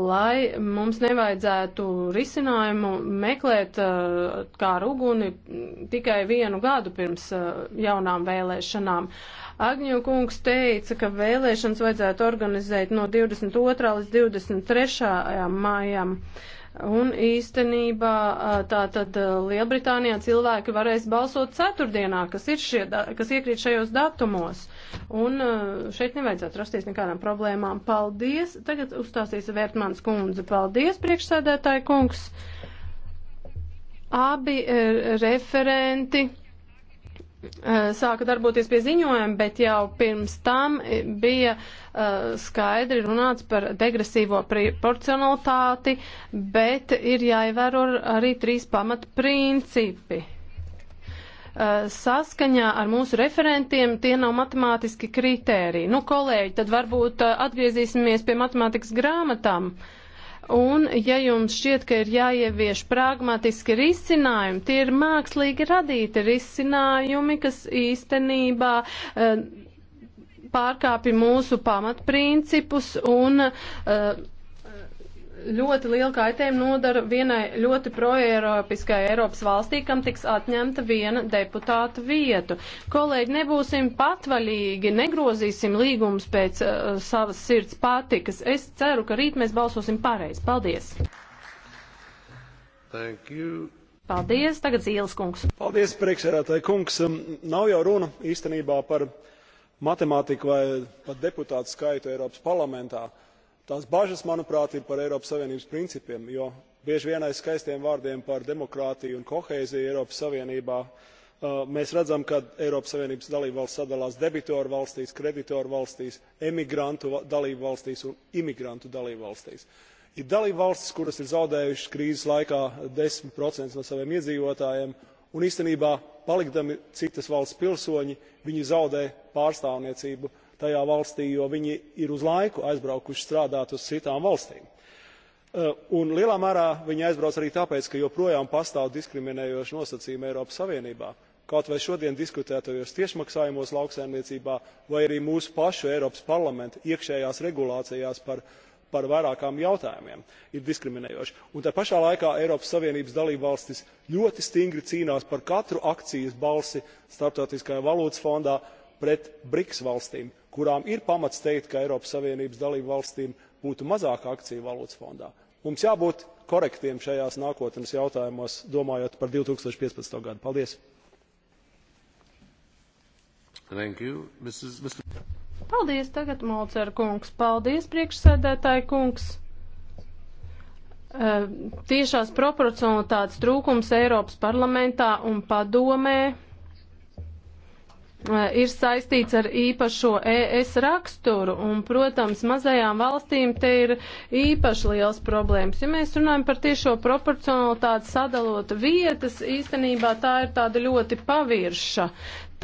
lai mums nevajadzētu risinājumu meklēt uh, kā ruguni tikai vienu gadu pirms uh, jaunām vēlēšanām. Agņu kungs teica, ka vēlēšanas vajadzētu organizēt no 22. līdz 23. maijam. Uh, Un īstenībā tātad Lielbritānijā cilvēki varēs balsot ceturtdienā, kas, ir šie, kas iekrīt šajos datumos. Un šeit nevajadzētu rasties nekādām problēmām. Paldies! Tagad uzstāsies Vērtmans kundze. Paldies, priekšsēdētāji kungs! Abi referenti Eh, sāka darboties pie ziņojuma, bet jau pirms tam bija uh, skaidri runāts par degresīvo proporcionalitāti, bet ir jāievēro arī trīs pamat principi. Uh, eh, saskaņā ar mūsu referentiem tie nav matemātiski kritēriji. Nu, kolēģi, tad varbūt uh, atgriezīsimies pie matemātikas grāmatām. Uh, Un, ja jums šķiet, ka ir jāievieš pragmatiski risinājumi, tie ir mākslīgi radīti risinājumi, kas īstenībā uh, eh, pārkāpja mūsu pamatprincipus un uh, ļoti lielu kaitējumu nodara vienai ļoti proeiropiskai Eiropas valstī, kam tiks atņemta viena deputāta vietu. Kolēģi, nebūsim patvaļīgi, negrozīsim līgumus pēc uh, savas sirds patikas. Es ceru, ka rīt mēs balsosim pareizi. Paldies! Thank you. Paldies, tagad Zīles kungs. Paldies, priekšsēdētāji kungs. Um, nav jau runa īstenībā par matemātiku vai pat deputātu skaitu Eiropas parlamentā tās bažas manuprāt ir par eiropas savienības principiem jo bieži vien aiz skaistiem vārdiem par demokrātiju un kohēziju eiropas savienībā uh, mēs redzam ka eiropas savienības dalībvalstis sadalās debitorvalstīs kreditorvalstīs emigrantu dalībvalstīs un imigrantu dalībvalstīs. ir dalībvalstis kuras ir zaudējušas krīzes laikā desmit procentus no saviem iedzīvotājiem un īstenībā palikdami citas valsts pilsoņi viņi zaudē pārstāvniecību tajā valstī, jo viņi ir uz laiku aizbraukuši strādāt uz citām valstīm. Eh, un lielā mērā viņi aizbrauc arī tāpēc, ka joprojām pastāv diskriminējoši nosacījumi Eiropas Savienībā, kaut vai šodien diskutētajos tiešmaksājumos lauksaimniecībā vai arī mūsu pašu Eiropas parlamenta iekšējās regulācijās par par vairākiem jautājumiem ir diskriminējoši. Un tā pašā laikā Eiropas Savienības dalībvalstis ļoti stingri cīnās par katru akcijas balsi Startautiskajā valūtas fondā, pret briks valstīm kurām ir pamats teikt ka eiropas savienības dalībvalstīm būtu mazāk akciju valūtas fondā. mums jābūt korektiem šajos nākotnes jautājumos domājot par. two thousand and fifteen gadu. paldies! Paldies tagad, Molcer kungs. Paldies, priekšsēdētāji kungs. Eh, tiešās proporcionalitātes trūkums Eiropas parlamentā un padomē Eh, ir saistīts ar īpašo ES raksturu, un, protams, mazajām valstīm te ir īpaši liels problēmas. Ja mēs runājam par tiešo proporcionalitāti sadalot vietas, īstenībā tā ir tāda ļoti pavirša.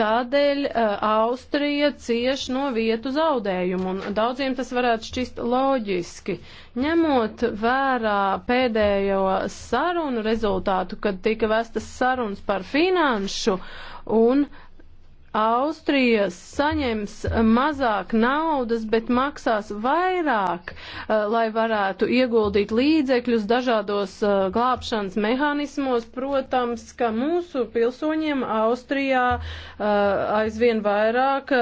Tādēļ uh, Austrija cieš no vietu zaudējumu, un daudziem tas varētu šķist loģiski. Ņemot vērā pēdējo sarunu rezultātu, kad tika vestas sarunas par finanšu un uh, Austrija saņems mazāk naudas, bet maksās vairāk, eh, lai varētu ieguldīt līdzekļus dažādos eh, glābšanas mehānismos. Protams, ka mūsu pilsoņiem Austrijā eh, aizvien vairāk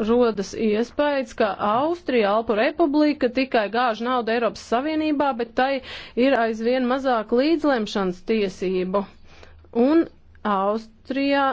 rodas iespējas, ka Austrija, Alpu republika tikai gāž naudu Eiropas Savienībā, bet tai ir aizvien mazāk līdzlemšanas tiesību. Un Austrijā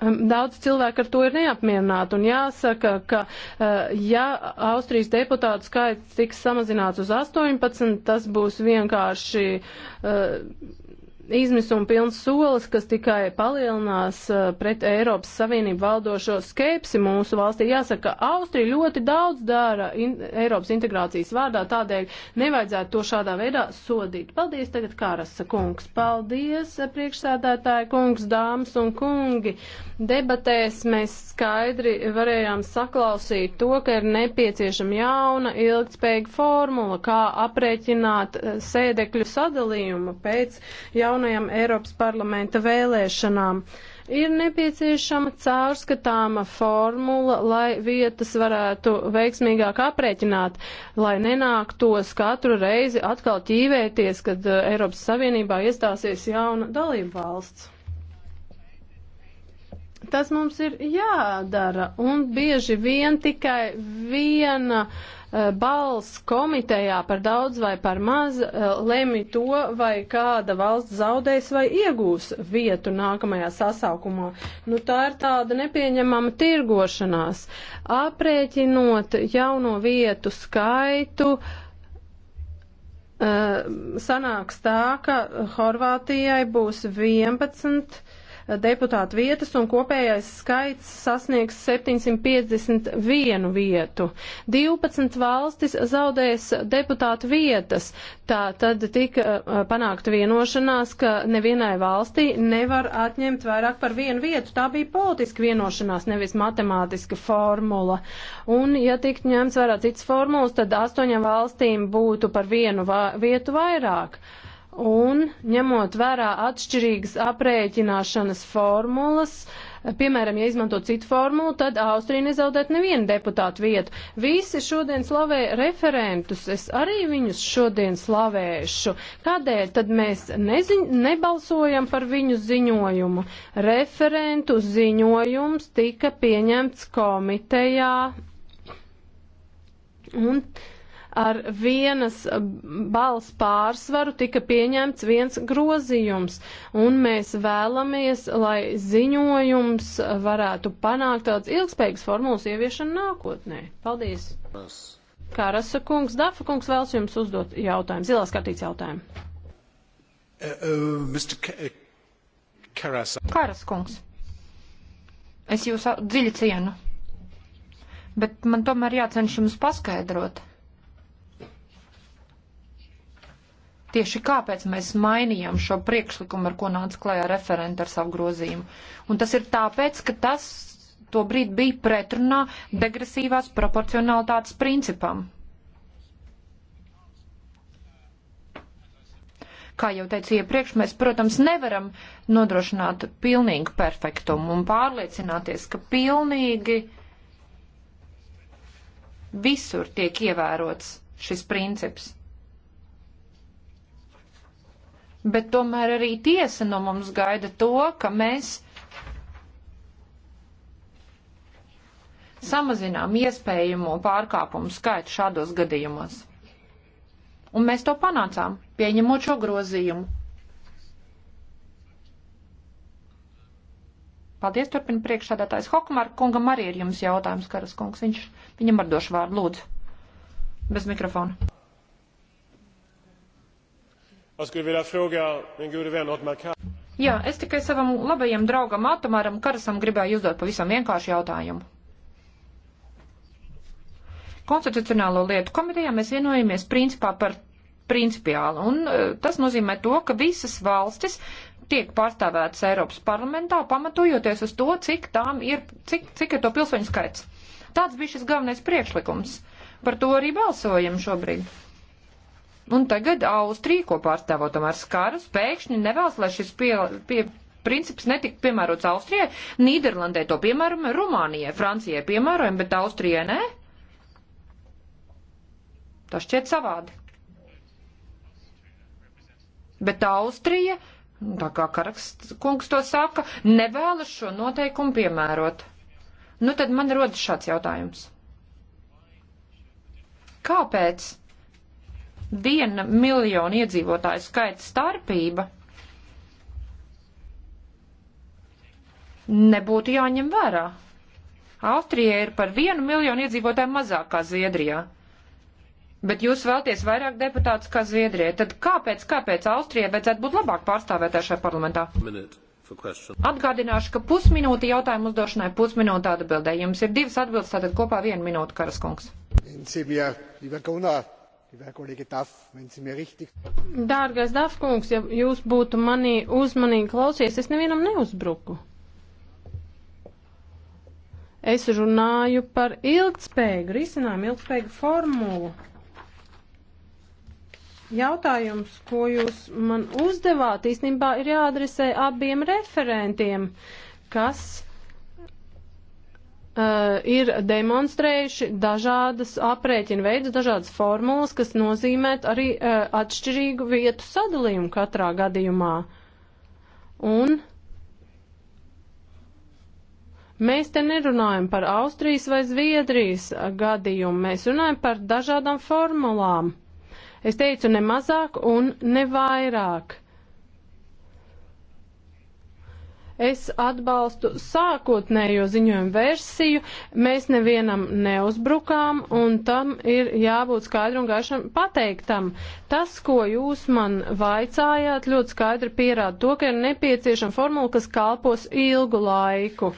Ehm, daudz cilvēku ar to ir neapmierināti, un jāsaka, ka eh, ja Austrijas deputātu skaits tiks samazināts uz 18, tas būs vienkārši uh, izmisuma pilns solis, kas tikai palielinās eh, pret Eiropas Savienību valdošo skepsi mūsu valstī. Jāsaka, Austrija ļoti daudz dara in Eiropas integrācijas vārdā, tādēļ nevajadzētu to šādā veidā sodīt. Paldies tagad, Kārasa kungs. Paldies, eh, priekšsēdētāji kungs, dāmas un kungi. Debatēs mēs skaidri varējām saklausīt to, ka ir nepieciešama jauna ilgtspējīga formula, kā aprēķināt eh, sēdekļu sadalījumu pēc jaunā jaunajām Eiropas parlamenta vēlēšanām. Ir nepieciešama caurskatāma formula, lai vietas varētu veiksmīgāk aprēķināt, lai nenāktos katru reizi atkal ķīvēties, kad eh, Eiropas Savienībā iestāsies jauna dalība valsts. Tas mums ir jādara, un bieži vien tikai viena uh, Eh, balss komitejā par daudz vai par maz eh, lemj to, vai kāda valsts zaudēs vai iegūs vietu nākamajā sasaukumā. Nu, tā ir tāda nepieņemama tirgošanās. Aprēķinot jauno vietu skaitu, eh, sanāks tā, ka Horvātijai būs 11 deputātu vietas un kopējais skaits sasniegs 751 vietu. 12 valstis zaudēs deputātu vietas. Tā tad tika eh, panākta vienošanās, ka nevienai valstī nevar atņemt vairāk par vienu vietu. Tā bija politiska vienošanās, nevis matemātiska formula. Un, ja tiktu ņemts vērā cits formulas, tad astoņām valstīm būtu par vienu vietu vairāk. Uh, un ņemot vērā atšķirīgas aprēķināšanas formulas, piemēram, ja izmanto citu formulu, tad Austrija nezaudēt nevienu deputātu vietu. Visi šodien slavē referentus, es arī viņus šodien slavēšu. Kādēļ tad mēs neziņ, nebalsojam par viņu ziņojumu? Referentu ziņojums tika pieņemts komitejā. Un ar vienas eh, balss pārsvaru tika pieņemts viens grozījums, un mēs vēlamies, lai ziņojums varētu panākt tāds ilgspējīgs formulas ieviešana nākotnē. Paldies! Karasa kungs, Dafa kungs vēlas jums uzdot jautājumu, zilās kartīts jautājumu. Uh, uh, Karasa. Karas kungs, es jūs dziļi cienu, bet man tomēr jācenš jums paskaidrot. Tieši kāpēc mēs mainījām šo priekšlikumu, ar ko nāca klajā referenta ar savu grozījumu. Un tas ir tāpēc, ka tas tobrīd bija pretrunā degresīvās proporcionalitātes principam. kā jau teicu iepriekš, mēs, protams, nevaram nodrošināt pilnīgu perfektumu un pārliecināties, ka pilnīgi visur tiek ievērots šis princips bet tomēr arī tiesa no mums gaida to, ka mēs samazinām iespējamo pārkāpumu skaitu šādos gadījumos. Un mēs to panācām, pieņemot šo grozījumu. Paldies, turpina priekšsādātājs Hokmar. Kungam arī ir jums jautājums, Karas kungs. Viņš, viņam ar došu vārdu, lūdzu. Bez mikrofona. Jā, es tikai savam labajam draugam Atomāram Karasam gribēju uzdot pavisam vienkāršu jautājumu. Konstitucionālo lietu komitejā mēs vienojamies principā par principiāli, un e, tas nozīmē to, ka visas valstis tiek pārstāvētas Eiropas parlamentā, pamatojoties uz to, cik tām ir, cik, cik ir to pilsoņu skaits. Tāds bija šis galvenais priekšlikums. Par to arī balsojam šobrīd. Un tagad Austrija, ko pārstāvo tomēr skarus, pēkšņi nevēlas, lai šis pie, pie, princips netika piemērots Austrijai. Nīderlandē to piemērojam, Rumānijai, Francijai piemērojam, bet Austrijai nē. Tas šķiet savādi. Bet Austrija, tā kā karaksts kungs to saka, nevēlas šo noteikumu piemērot. Nu tad man rodas šāds jautājums. Kāpēc? viena miljona iedzīvotāju skaita starpība nebūtu jāņem vērā. Austrija ir par vienu miljonu iedzīvotāju mazāk kā Zviedrijā. Bet jūs vēlties vairāk deputātus kā Zviedrijai, tad kāpēc, kāpēc Austrijai vajadzētu būt labāk pārstāvētā šajā parlamentā? Atgādināšu, ka pusminūte jautājumu uzdošanai, pusminūte atbildē. Jums ir divas atbildes, tātad kopā viena minūte, Karaskungs. Dārgais Dafkungs, ja jūs būtu manī uzmanīgi klausies, es nevienam neuzbruku. Es runāju par ilgtspēju, risinājumu ilgtspēju formulu. Jautājums, ko jūs man uzdevāt, īstenībā ir jāadresē abiem referentiem, kas uh, ir demonstrējuši dažādas aprēķina veidus, dažādas formulas, kas nozīmē arī uh, atšķirīgu vietu sadalījumu katrā gadījumā. Un Mēs te nerunājam par Austrijas vai Zviedrijas gadījumu, mēs runājam par dažādām formulām. Es teicu ne mazāk un ne vairāk. Es atbalstu sākotnējo ziņojumu versiju, mēs nevienam neuzbrukām, un tam ir jābūt skaidru un gaišam pateiktam. Tas, ko jūs man vaicājāt, ļoti skaidri pierāda to, ka ir nepieciešama formula, kas kalpos ilgu laiku.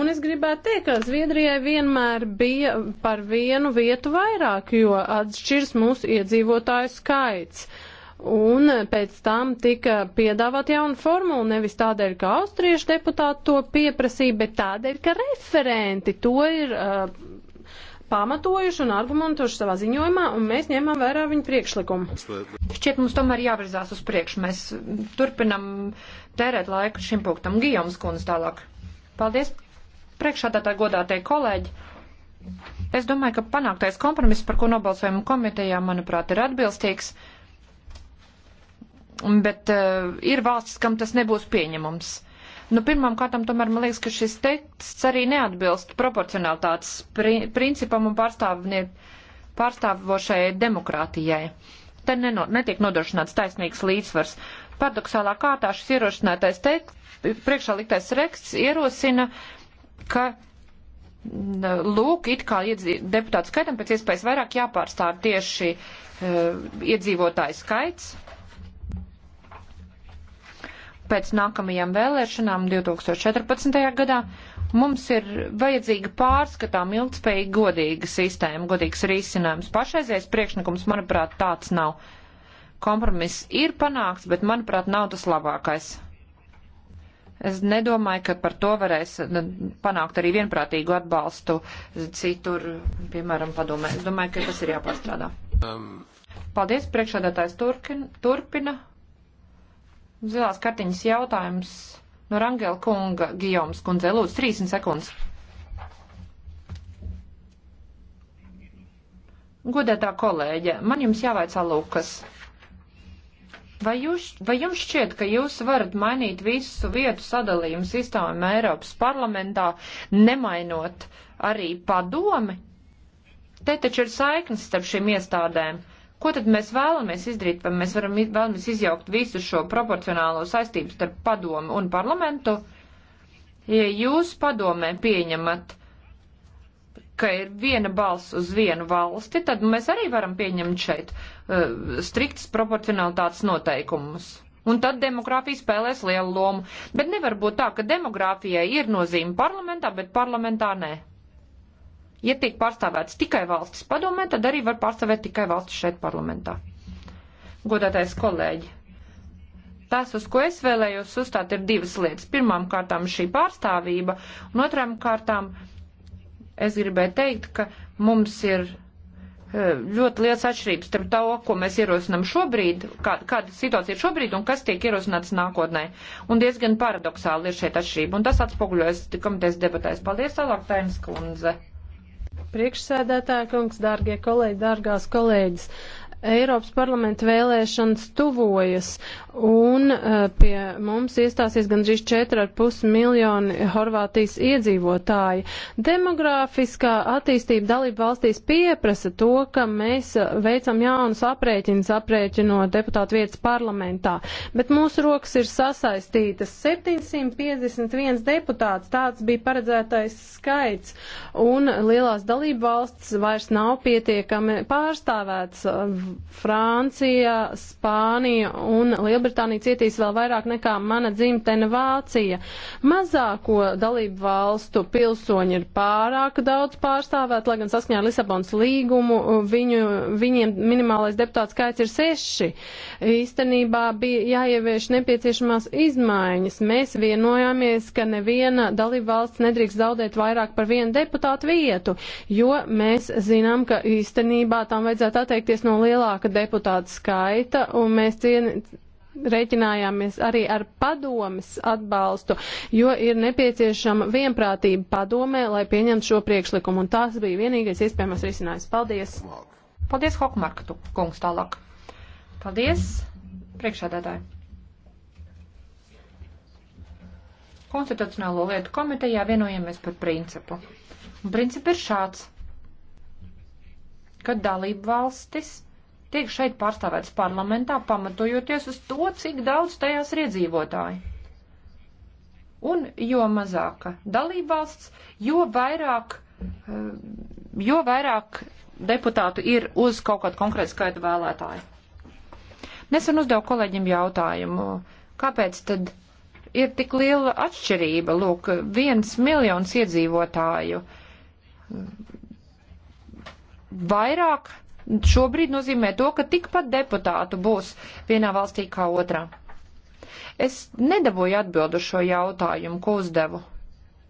Un es gribētu teikt, ka Zviedrijai vienmēr bija par vienu vietu vairāk, jo atšķirs mūsu iedzīvotāju skaits. Uh, Un pēc tam tika piedāvāt jaunu formulu, nevis tādēļ, ka austriešu deputāti to pieprasīja, bet tādēļ, ka referenti to ir uh, pamatojuši un argumentojuši savā ziņojumā, un mēs ņemam vērā viņu priekšlikumu. Šķiet, mums tomēr jāvirzās uz priekšu. Mēs turpinam tērēt laiku šim punktam. Gijoms kundze tālāk. Paldies priekšādātā godātie kolēģi. Es domāju, ka panāktais kompromiss, par ko nobalsojam komitejā, manuprāt, ir atbilstīgs. Uh, bet uh, ir valstis, kam tas nebūs pieņemams. Nu, pirmām kārtām, tomēr, man liekas, ka šis teksts arī neatbilst proporcionalitātes pri principam un pārstāvošai demokrātijai. Te neno, netiek nodrošināts taisnīgs līdzsvars. Paradoxālā kārtā šis ierosinātais teksts, priekšā liktais reksts ierosina, ka mm, lūk, it kā deputātu skaitam pēc iespējas vairāk jāpārstāv tieši uh, iedzīvotāju skaits, pēc nākamajām vēlēšanām 2014. gadā mums ir vajadzīga pārskatām ilgspējīga godīga sistēma, godīgs risinājums. Pašreizējais priekšnakums, manuprāt, tāds nav. Kompromiss ir panāks, bet, manuprāt, nav tas labākais. Es nedomāju, ka par to varēs panākt arī vienprātīgu atbalstu citur, piemēram, padomē. Es domāju, ka tas ir jāpārstrādā. Um. Paldies, priekšādātājs turpina. Zilās kartiņas jautājums no Rangela kunga Gijoms kundze. Lūdzu, 30 sekundes. Godētā kolēģe, man jums jāvaicā Lūkas. Vai, jūs, vai jums šķiet, ka jūs varat mainīt visu vietu sadalījumu sistēmu Eiropas parlamentā, nemainot arī padomi? Te taču ir saiknes starp šīm iestādēm. Ko tad mēs vēlamies izdarīt, vai mēs varam, vēlamies izjaukt visu šo proporcionālo saistību starp padomu un parlamentu? Ja jūs padomē pieņemat, ka ir viena balss uz vienu valsti, tad mēs arī varam pieņemt šeit uh, striktas proporcionalitātes noteikumus. Un tad demogrāfija spēlēs lielu lomu. Bet nevar būt tā, ka demogrāfijai ir nozīme parlamentā, bet parlamentā nē. Ja tiek pārstāvēts tikai valstis padomē, tad arī var pārstāvēt tikai valstis šeit parlamentā. Godātais kolēģi, tas, uz ko es vēlējos uzstāt, ir divas lietas. Pirmām kārtām šī pārstāvība, un otrām kārtām es gribēju teikt, ka mums ir eh, ļoti liels atšķirības starp to, ko mēs ierosinām šobrīd, kā, kāda situācija ir šobrīd un kas tiek ierosināts nākotnē. Un diezgan paradoxāli ir šeit atšķirība, un tas atspoguļojas komitejas debatēs. Paldies, Alāk Tainskundze! Priekšsēdētāja kungs, dārgie kolēģi, dārgās kolēģis. Eiropas parlamenta vēlēšanas tuvojas, un uh, pie mums iestāsies gandrīz 4,5 miljoni Horvātijas iedzīvotāji. Demogrāfiskā attīstība dalība valstīs pieprasa to, ka mēs uh, veicam jaunus aprēķinus aprēķinot deputātu vietas parlamentā, bet mūsu rokas ir sasaistītas. 751 deputāts tāds bija paredzētais skaits, un lielās dalība valsts vairs nav pietiekami pārstāvēts uh, Francija, Spānija un Lielbritānija cietīs vēl vairāk nekā mana dzimtene Vācija. Mazāko dalību valstu pilsoņi ir pārāk daudz pārstāvēt, lai gan saskaņā ar Lisabons līgumu uh, viņu, viņiem minimālais deputāts skaits ir seši. Īstenībā bija jāievieš nepieciešamās izmaiņas. Mēs vienojāmies, ka neviena dalība valsts nedrīkst zaudēt vairāk par vienu deputātu vietu, jo mēs zinām, ka īstenībā tam vajadzētu atteikties no lielā lielāka deputāta skaita, un mēs cien, rēķinājāmies arī ar padomes atbalstu, jo ir nepieciešama vienprātība padomē, lai pieņemtu šo priekšlikumu. Un tās bija vienīgais iespējamais risinājums. Paldies! Paldies, Hokmarktu kungs tālāk. Paldies, priekšādātāji. Konstitucionālo lietu komitejā vienojamies par principu. Un princips ir šāds, ka dalību valstis tiek šeit pārstāvēts parlamentā, pamatojoties uz to, cik daudz tajās ir iedzīvotāji. Un jo mazāka dalībvalsts, jo vairāk, eh, jo vairāk deputātu ir uz kaut kādu konkrētu skaitu vēlētāju. Nesen uzdevu kolēģim jautājumu, kāpēc tad ir tik liela atšķirība, lūk, viens miljons iedzīvotāju vairāk šobrīd nozīmē to, ka tikpat deputātu būs vienā valstī kā otrā. Es nedabūju atbildu šo jautājumu, ko uzdevu.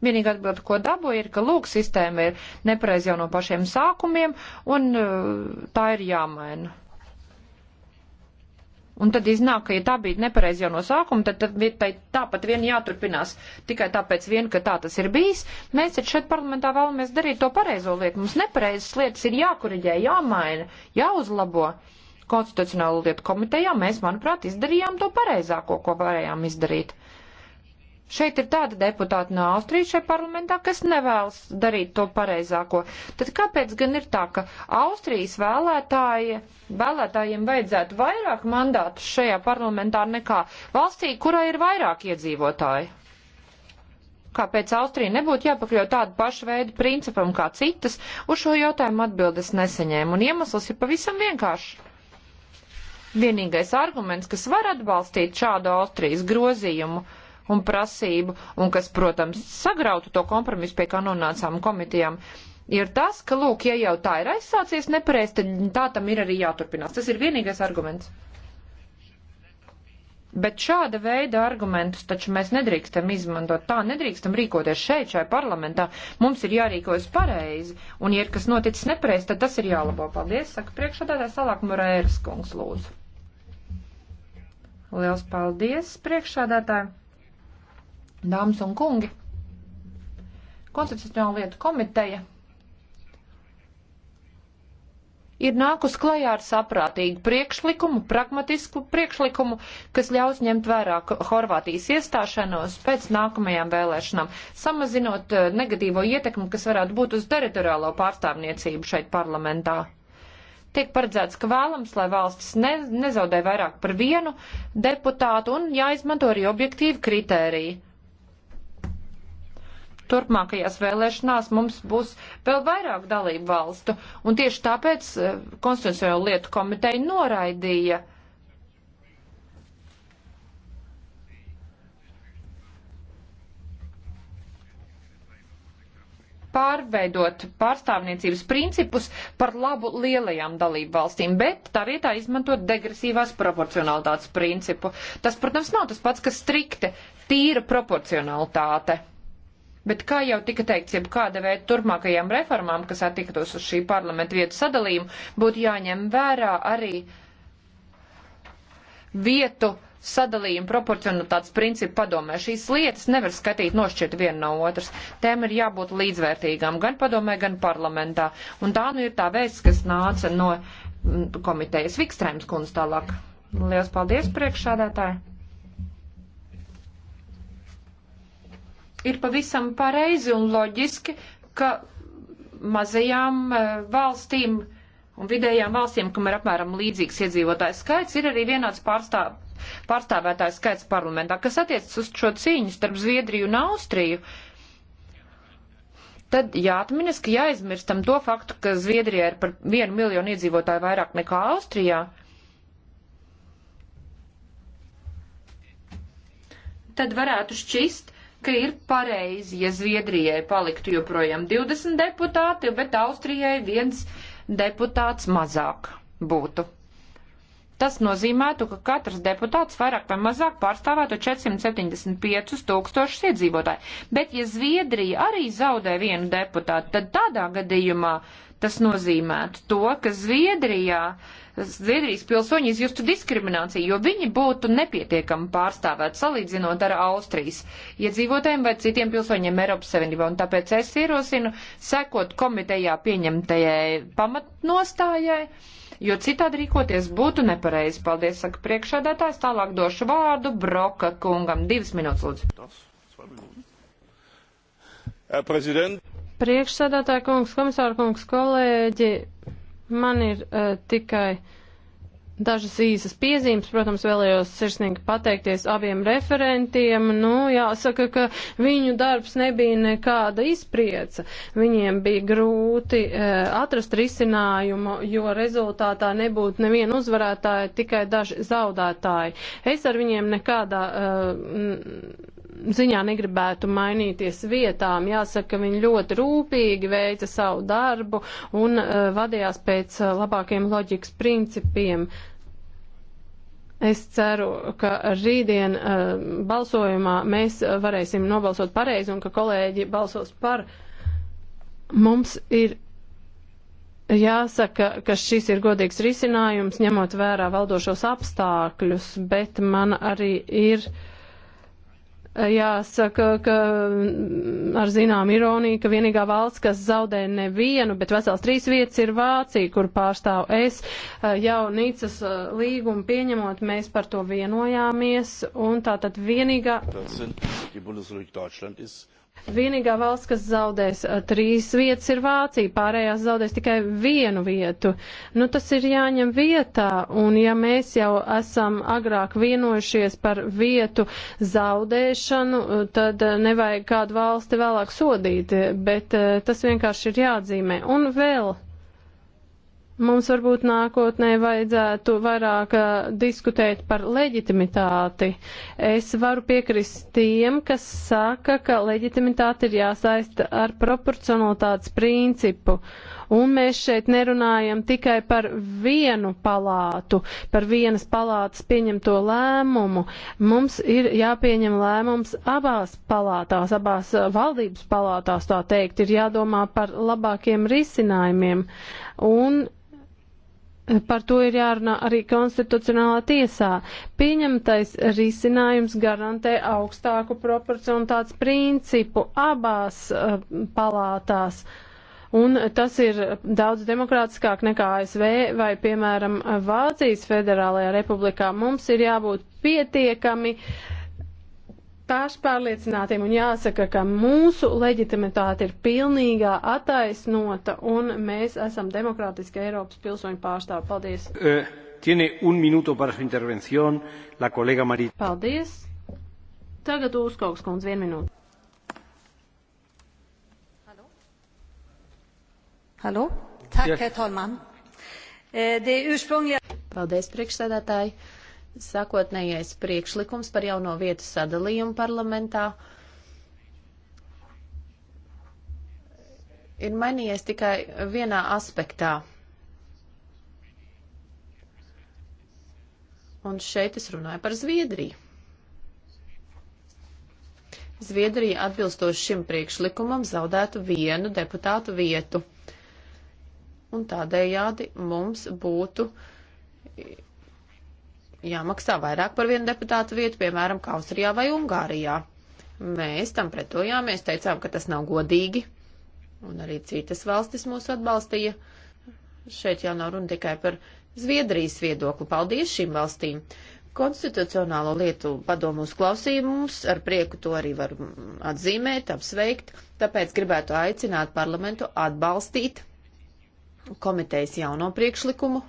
Vienīgā atbilde, ko dabūju, ir, ka lūk, sistēma ir nepareiz jau no pašiem sākumiem, un uh, tā ir jāmaina. Un tad iznāk, ka ja tā bija nepareizi jau no sākuma, tad, tad tai tāpat vien jāturpinās. Tikai tāpēc vien, ka tā tas ir bijis, mēs taču šeit parlamentā vēlamies darīt to pareizo lietu. Mums nepareizas lietas ir jākuriģē, jāmaina, jāuzlabo. Konstitucionālo lietu komitejā mēs, manuprāt, izdarījām to pareizāko, ko varējām izdarīt. Šeit ir tāda deputāta no Austrijas šai parlamentā, kas nevēlas darīt to pareizāko. Tad kāpēc gan ir tā, ka Austrijas vēlētāji, vēlētājiem vajadzētu vairāk mandātu šajā parlamentā nekā valstī, kurā ir vairāk iedzīvotāji? Kāpēc Austrija nebūtu jāpakļaut tādu pašu veidu principam kā citas, uz šo jautājumu atbildes neseņēmu, un iemesls ir pavisam vienkāršs. Vienīgais arguments, kas var atbalstīt šādu Austrijas grozījumu, un prasību, un kas, protams, sagrautu to kompromisu, pie kā nonācām komitejām, ir tas, ka, lūk, ja jau tā ir aizsācies nepareizi, tad tā tam ir arī jāturpinās. Tas ir vienīgais arguments. Bet šāda veida argumentus taču mēs nedrīkstam izmantot. Tā nedrīkstam rīkoties šeit, šai parlamentā. Mums ir jārīkojas pareizi, un ja ir kas noticis nepareizi, tad tas ir jālabo. Paldies, saka priekšādātā salāk Morēras kungs lūdzu. Liels paldies priekšādātājiem! Dāmas un kungi, Konstitucionāla lietu komiteja ir nākus klajā ar saprātīgu priekšlikumu, pragmatisku priekšlikumu, kas ļaus ņemt vērā Horvātijas iestāšanos pēc nākamajām vēlēšanām, samazinot eh, negatīvo ietekmi, kas varētu būt uz teritoriālo pārstāvniecību šeit parlamentā. Tiek paredzēts, ka vēlams, lai valstis ne, nezaudē vairāk par vienu deputātu un jāizmanto arī objektīvi kritēriji turpmākajās vēlēšanās mums būs vēl vairāk dalību valstu. Un tieši tāpēc eh, Konstitucionālo lietu komiteja noraidīja pārveidot pārstāvniecības principus par labu lielajām dalību valstīm, bet tā vietā izmantot degresīvās proporcionalitātes principu. Tas, protams, nav tas pats, kas strikte, tīra proporcionalitāte. Bet, kā jau tika teikts, jebkāda veida turpmākajām reformām, kas attiktos uz šī parlamenta vietu sadalījumu, būtu jāņem vērā arī vietu sadalījuma proporcionalitātes principu padomē. Šīs lietas nevar skatīt nošķirt viena no otras. Tēm ir jābūt līdzvērtīgām gan padomē, gan parlamentā. Un tā nu ir tā vēsts, kas nāca no mm, komitejas Vikstrēms kundze tālāk. Lielas paldies priekšsādātāji! ir pavisam pareizi un loģiski, ka mazajām eh, valstīm un vidējām valstīm, kam ir apmēram līdzīgs iedzīvotājs skaits, ir arī vienāds pārstāv, pārstāvētājs skaits parlamentā, kas attiecas uz šo cīņu starp Zviedriju un Austriju. Tad jāatminas, ka jāizmirstam to faktu, ka Zviedrijā ir par vienu miljonu iedzīvotāju vairāk nekā Austrijā, tad varētu šķist, ka ir pareizi, ja Zviedrijai paliktu joprojām 20 deputāti, bet Austrijai viens deputāts mazāk būtu. Tas nozīmētu, ka katrs deputāts vairāk vai mazāk pārstāvētu 475 tūkstošus iedzīvotāju. Bet ja Zviedrija arī zaudē vienu deputātu, tad tādā gadījumā uh, Tas nozīmētu to, ka Zviedrijā, Zviedrijas pilsoņi izjustu diskrimināciju, jo viņi būtu nepietiekami pārstāvēti salīdzinot ar Austrijas iedzīvotājiem vai citiem pilsoņiem Eiropas Savienībā. Un tāpēc es ierosinu sekot komitejā pieņemtajai pamatnostājai, jo citādi rīkoties būtu nepareizi. Paldies, saka priekšādātājs. Tālāk došu vārdu Broka kungam. Divas minūtes, lūdzu. Herr Präsident! Priekšsēdētāja kungs, komisāra kungs, kolēģi, man ir uh, tikai dažas īsas piezīmes. Protams, vēlējos sirsnīgi pateikties abiem referentiem. Nu, jāsaka, ka viņu darbs nebija nekāda izprieca. Viņiem bija grūti uh, atrast risinājumu, jo rezultātā nebūtu neviena uzvarētāja, tikai daži zaudētāji. Es ar viņiem nekādā. Uh, ziņā negribētu mainīties vietām. Jāsaka, ka viņi ļoti rūpīgi veica savu darbu un uh, vadījās pēc uh, labākiem loģikas principiem. Es ceru, ka rītdien uh, balsojumā mēs varēsim nobalsot pareizi un ka kolēģi balsos par. Mums ir Jāsaka, ka šis ir godīgs risinājums, ņemot vērā valdošos apstākļus, bet man arī ir uh, Jāsaka, ka mm, ar zinām ironiju, ka vienīgā valsts, kas zaudē nevienu, bet vesels trīs vietas ir Vācija, kur pārstāv es. Eh, jau Nīcas eh, līgumu pieņemot, mēs par to vienojāmies, un tā tad vienīgā. Vienīgā valsts, kas zaudēs eh, trīs vietas, ir Vācija, pārējās zaudēs tikai vienu vietu. Nu, tas ir jāņem vietā, un ja mēs jau esam agrāk vienojušies par vietu zaudēšanu, eh, tad eh, nevajag kādu valsti vēlāk sodīt, bet tas vienkārši ir jāatzīmē. Un vēl Mums varbūt nākotnē vajadzētu vairāk uh, diskutēt par leģitimitāti. Es varu piekrist tiem, kas saka, ka leģitimitāte ir jāsaista ar proporcionalitātes principu. Un mēs šeit nerunājam tikai par vienu palātu, par vienas palātas pieņemto lēmumu. Mums ir jāpieņem lēmums abās palātās, abās valdības palātās, tā teikt, ir jādomā par labākiem risinājumiem. Un Par to ir jārunā arī konstitucionālā tiesā. Pieņemtais risinājums garantē augstāku proporcionitātes principu abās uh, palātās. Un tas ir daudz demokrātiskāk nekā ASV vai, piemēram, Vācijas Federālajā republikā. Mums ir jābūt pietiekami uh, pašpārliecinātiem un jāsaka, ka mūsu leģitimitāte ir pilnīgā attaisnota un mēs esam demokrātiski Eiropas pilsoņu pārstāvi. Paldies! Uh, tiene un minūto par su intervención la kolega Marita. Paldies! Tagad uzskauks kundz vienu minūtu. Halo? Halo? Tak, yes. herr talman. Eh, det ursprungliga... Paldies, priekšsēdētāji. Uh, sākotnējais priekšlikums par jauno vietu sadalījumu parlamentā ir mainījies tikai vienā aspektā. Un šeit es runāju par Zviedriju. Zviedrija atbilstoši šim priekšlikumam zaudētu vienu deputātu vietu. Un tādējādi mums būtu jāmaksā vairāk par vienu deputātu vietu, piemēram, kā Austrijā vai Ungārijā. Mēs tam pretojāmies, teicām, ka tas nav godīgi, un arī citas valstis mūs atbalstīja. Šeit jau nav runa tikai par Zviedrijas viedokli. Paldies šīm valstīm! Konstitucionālo lietu padomu uzklausījumus ar prieku to arī var atzīmēt, apsveikt, tāpēc gribētu aicināt parlamentu atbalstīt komitejas jauno priekšlikumu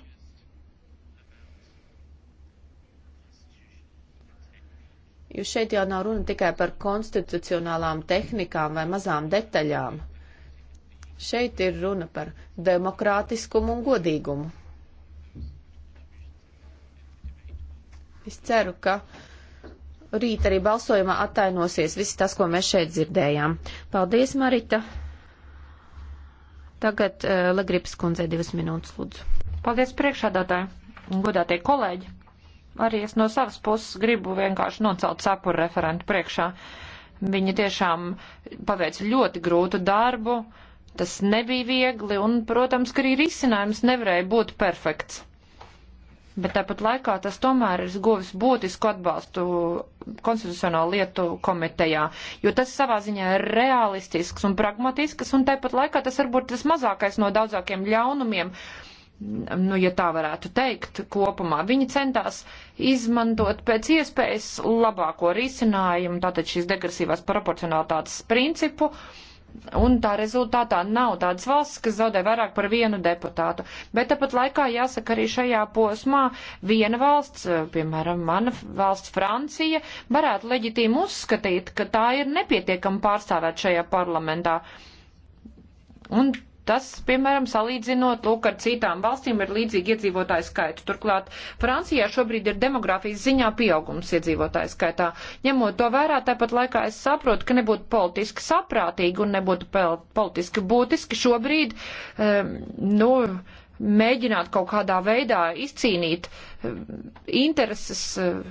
Jo šeit jau nav runa tikai par konstitucionālām tehnikām vai mazām detaļām. Šeit ir runa par demokrātiskumu un godīgumu. Es ceru, ka rīt arī balsojumā attainosies viss tas, ko mēs šeit dzirdējām. Paldies, Marita! Tagad uh, eh, Legripas kundzei divas minūtes, lūdzu. Paldies priekšādātāji un godātie kolēģi! arī es no savas puses gribu vienkārši nocelt sapuru referentu priekšā. Viņa tiešām paveica ļoti grūtu darbu, tas nebija viegli, un, protams, ka arī risinājums nevarēja būt perfekts. Bet tāpat laikā tas tomēr ir guvis būtisku atbalstu konstitucionālo lietu komitejā, jo tas savā ziņā ir realistisks un pragmatisks, un tāpat laikā tas varbūt tas mazākais no daudzākiem ļaunumiem, uh, nu, ja tā varētu teikt, kopumā. Viņi centās izmantot pēc iespējas labāko risinājumu, tātad šīs degresīvās proporcionalitātes principu, un tā rezultātā nav tādas valsts, kas zaudē vairāk par vienu deputātu. Bet tāpat laikā jāsaka arī šajā posmā viena valsts, piemēram, mana valsts Francija, varētu leģitīmi uzskatīt, ka tā ir nepietiekami pārstāvēt šajā parlamentā. Un Tas, piemēram, salīdzinot lūk ar citām valstīm, ir līdzīgi iedzīvotāju skaitu. Turklāt Francijā šobrīd ir demografijas ziņā pieaugums iedzīvotāju skaitā. Ņemot to vērā, tāpat laikā es saprotu, ka nebūtu politiski saprātīgi un nebūtu politiski būtiski šobrīd, um, nu, mēģināt kaut kādā veidā izcīnīt um, intereses. Um,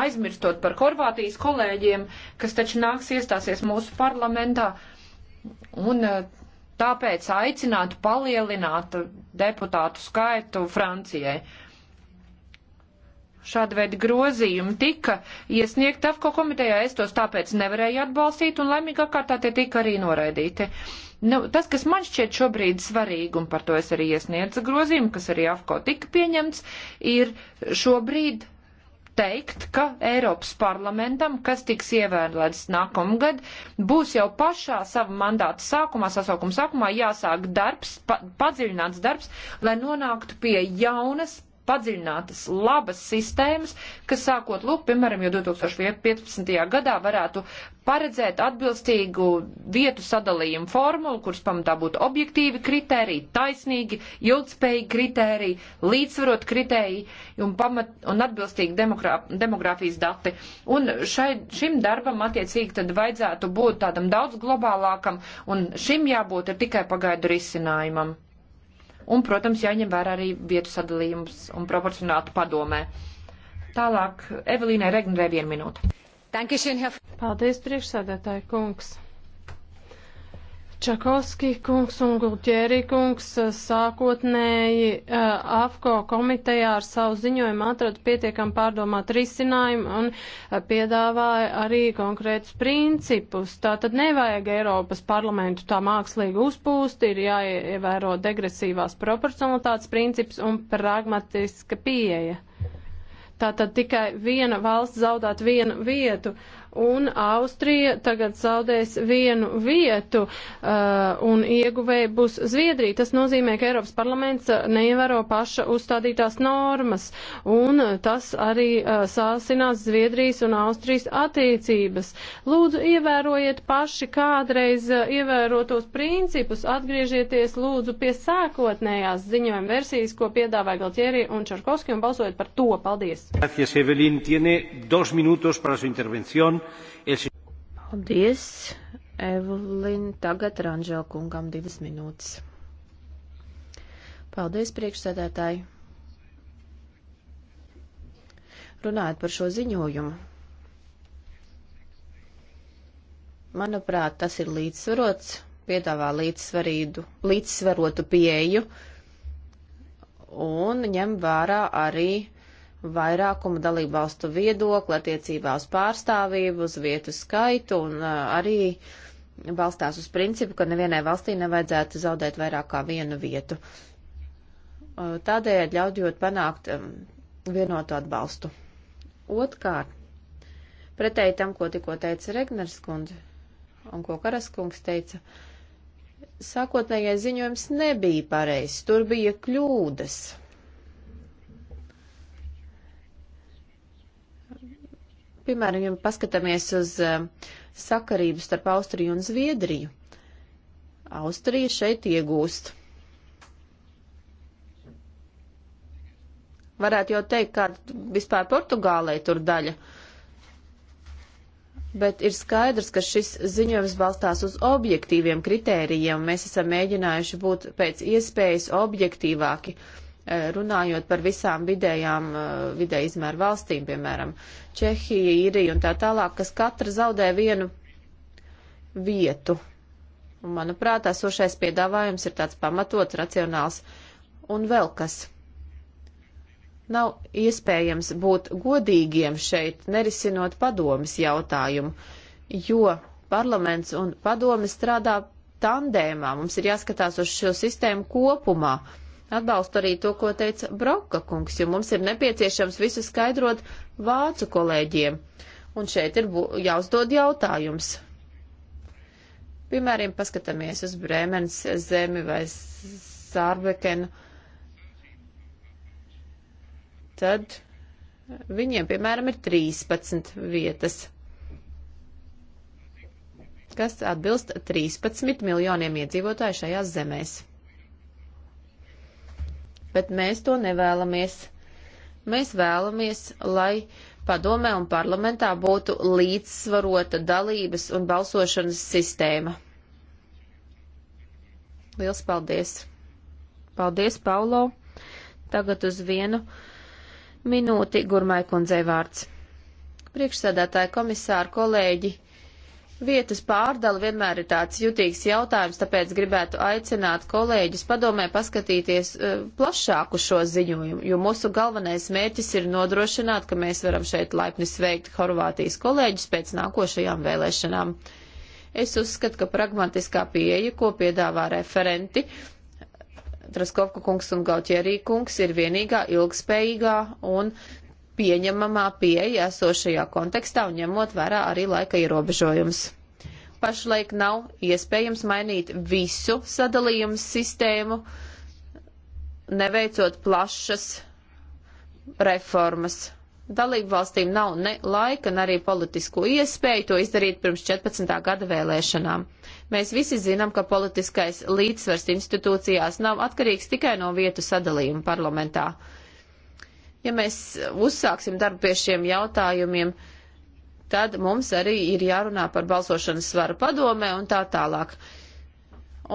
aizmirstot par Horvātijas kolēģiem, kas taču nāks iestāsies mūsu parlamentā. Uh, Un eh, tāpēc aicinātu palielināt deputātu skaitu Francijai. Šāda veida grozījumi tika iesniegti AFCO komitejā, es tos tāpēc nevarēju atbalstīt, un laimīgā kārtā tie tika arī noraidīti. Nu, tas, kas man šķiet šobrīd svarīgi, un par to es arī iesniedzu grozījumu, kas arī AFCO tika pieņemts, ir šobrīd teikt, ka Eiropas parlamentam, kas tiks ievēlēts nākamgad, būs jau pašā sava mandāta sākumā, sasaukuma sākumā jāsāk darbs, pa, padziļināts darbs, lai nonāktu pie jaunas padziļinātas labas sistēmas, kas sākot, lūk, piemēram, jau 2015. gadā varētu paredzēt atbilstīgu vietu sadalījumu formulu, kuras pamatā būtu objektīvi kritēriji, taisnīgi, ilgspējīgi kritēriji, līdzsvarot kritēriji un, pamat, un atbilstīgi demogrāfijas dati. Un šai, šim darbam attiecīgi tad vajadzētu būt tādam daudz globālākam un šim jābūt ir tikai pagaidu risinājumam. Un, protams, jāņem vērā arī vietu sadalījums un proporcionāti padomē. Tālāk Evelīnai Regnrē vienu minūtu. Paldies, priekšsēdētāji kungs! Čakovski kungs un Gulķēri kungs eh, sākotnēji uh, eh, AFCO komitejā ar savu ziņojumu atrada pietiekam pārdomāt risinājumu un uh, piedāvāja arī konkrētus principus. Tātad nevajag Eiropas parlamentu tā mākslīgi uzpūst, ir jāievēro degresīvās proporcionalitātes princips un pragmatiska pieeja. Tātad tikai viena valsts zaudēt vienu vietu. Uh, un Austrija tagad zaudēs vienu vietu, uh, un ieguvēja būs Zviedrija. Tas nozīmē, ka Eiropas parlaments uh, neievēro paša uzstādītās normas, un uh, tas arī uh, sāsinās Zviedrijas un Austrijas attiecības. Lūdzu, ievērojiet paši kādreiz uh, ievērotos principus, atgriežieties lūdzu pie sākotnējās ziņojuma versijas, ko piedāvāja Galtieri un Čarkovski, un balsojiet par to. Paldies! Gracias, Evelyn. Tiene dos minutos para su intervención. Paldies, Evelin. Tagad Ranžēl kungam divas minūtes. Paldies, priekšsēdētāji. Runājot par šo ziņojumu. Manuprāt, tas ir līdzsvarots, piedāvā līdzsvarotu pieeju un ņem vērā arī vairākumu dalību valstu viedokli attiecībā uz pārstāvību, uz vietu skaitu un uh, arī balstās uz principu, ka nevienai valstī nevajadzētu zaudēt vairāk kā vienu vietu. Uh, tādējādi ļaujot panākt um, vienotu atbalstu. Otkārt, pretēji tam, ko tikko teica Regners kundze un ko Karaskungs teica, sākotnējais ziņojums nebija pareizs, tur bija kļūdas Piemēram, ja paskatāmies uz eh, sakarību starp Austriju un Zviedriju, Austrija šeit iegūst. Varētu jau teikt, kāda vispār Portugālei tur daļa. Bet ir skaidrs, ka šis ziņojums balstās uz objektīviem kritērijiem. Mēs esam mēģinājuši būt pēc iespējas objektīvāki. Uh, Eh, runājot par visām vidējām, eh, vidēji izmēru valstīm, piemēram, Čehija, Irija un tā tālāk, kas katra zaudē vienu vietu. Un, manuprāt, esošais piedāvājums ir tāds pamatots, racionāls un vēl kas. Nav iespējams būt godīgiem šeit, nerisinot padomis jautājumu, jo parlaments un padomis strādā tandēmā. Mums ir jāskatās uz šo sistēmu kopumā. Uh, Atbalstu arī to, ko teica Broka kungs, jo mums ir nepieciešams visu skaidrot vācu kolēģiem. Un šeit ir jāuzdod jautājums. Piemēram, paskatāmies uz Brēmenes zemi vai Sārbekenu. Tad viņiem, piemēram, ir 13 vietas, kas atbilst 13 miljoniem iedzīvotāju šajās zemēs bet mēs to nevēlamies. Mēs vēlamies, lai padomē un parlamentā būtu līdzsvarota dalības un balsošanas sistēma. Liels paldies! Paldies, Paulo! Tagad uz vienu minūti Gurmai kundzei vārds. Priekšsēdētāji komisāri kolēģi! Vietas pārdala vienmēr ir tāds jutīgs jautājums, tāpēc gribētu aicināt kolēģus padomē paskatīties e, plašāk uz šo ziņojumu, jo mūsu galvenais mērķis ir nodrošināt, ka mēs varam šeit laipni sveikt Horvātijas kolēģus pēc nākošajām vēlēšanām. Es uzskatu, ka pragmatiskā pieeja, ko piedāvā referenti, Traskovka kungs un Gautierī kungs, ir vienīgā ilgspējīgā un pieņemamā pieeja esošajā kontekstā un ņemot vērā arī laika ierobežojums. Pašlaik nav iespējams mainīt visu sadalījumu sistēmu, neveicot plašas reformas. Dalību valstīm nav ne laika, ne arī politisko iespēju to izdarīt pirms 14. gada vēlēšanām. Mēs visi zinām, ka politiskais līdzsvars institūcijās nav atkarīgs tikai no vietu sadalījuma parlamentā. Ja mēs uzsāksim darbu pie šiem jautājumiem, tad mums arī ir jārunā par balsošanas svaru padomē un tā tālāk.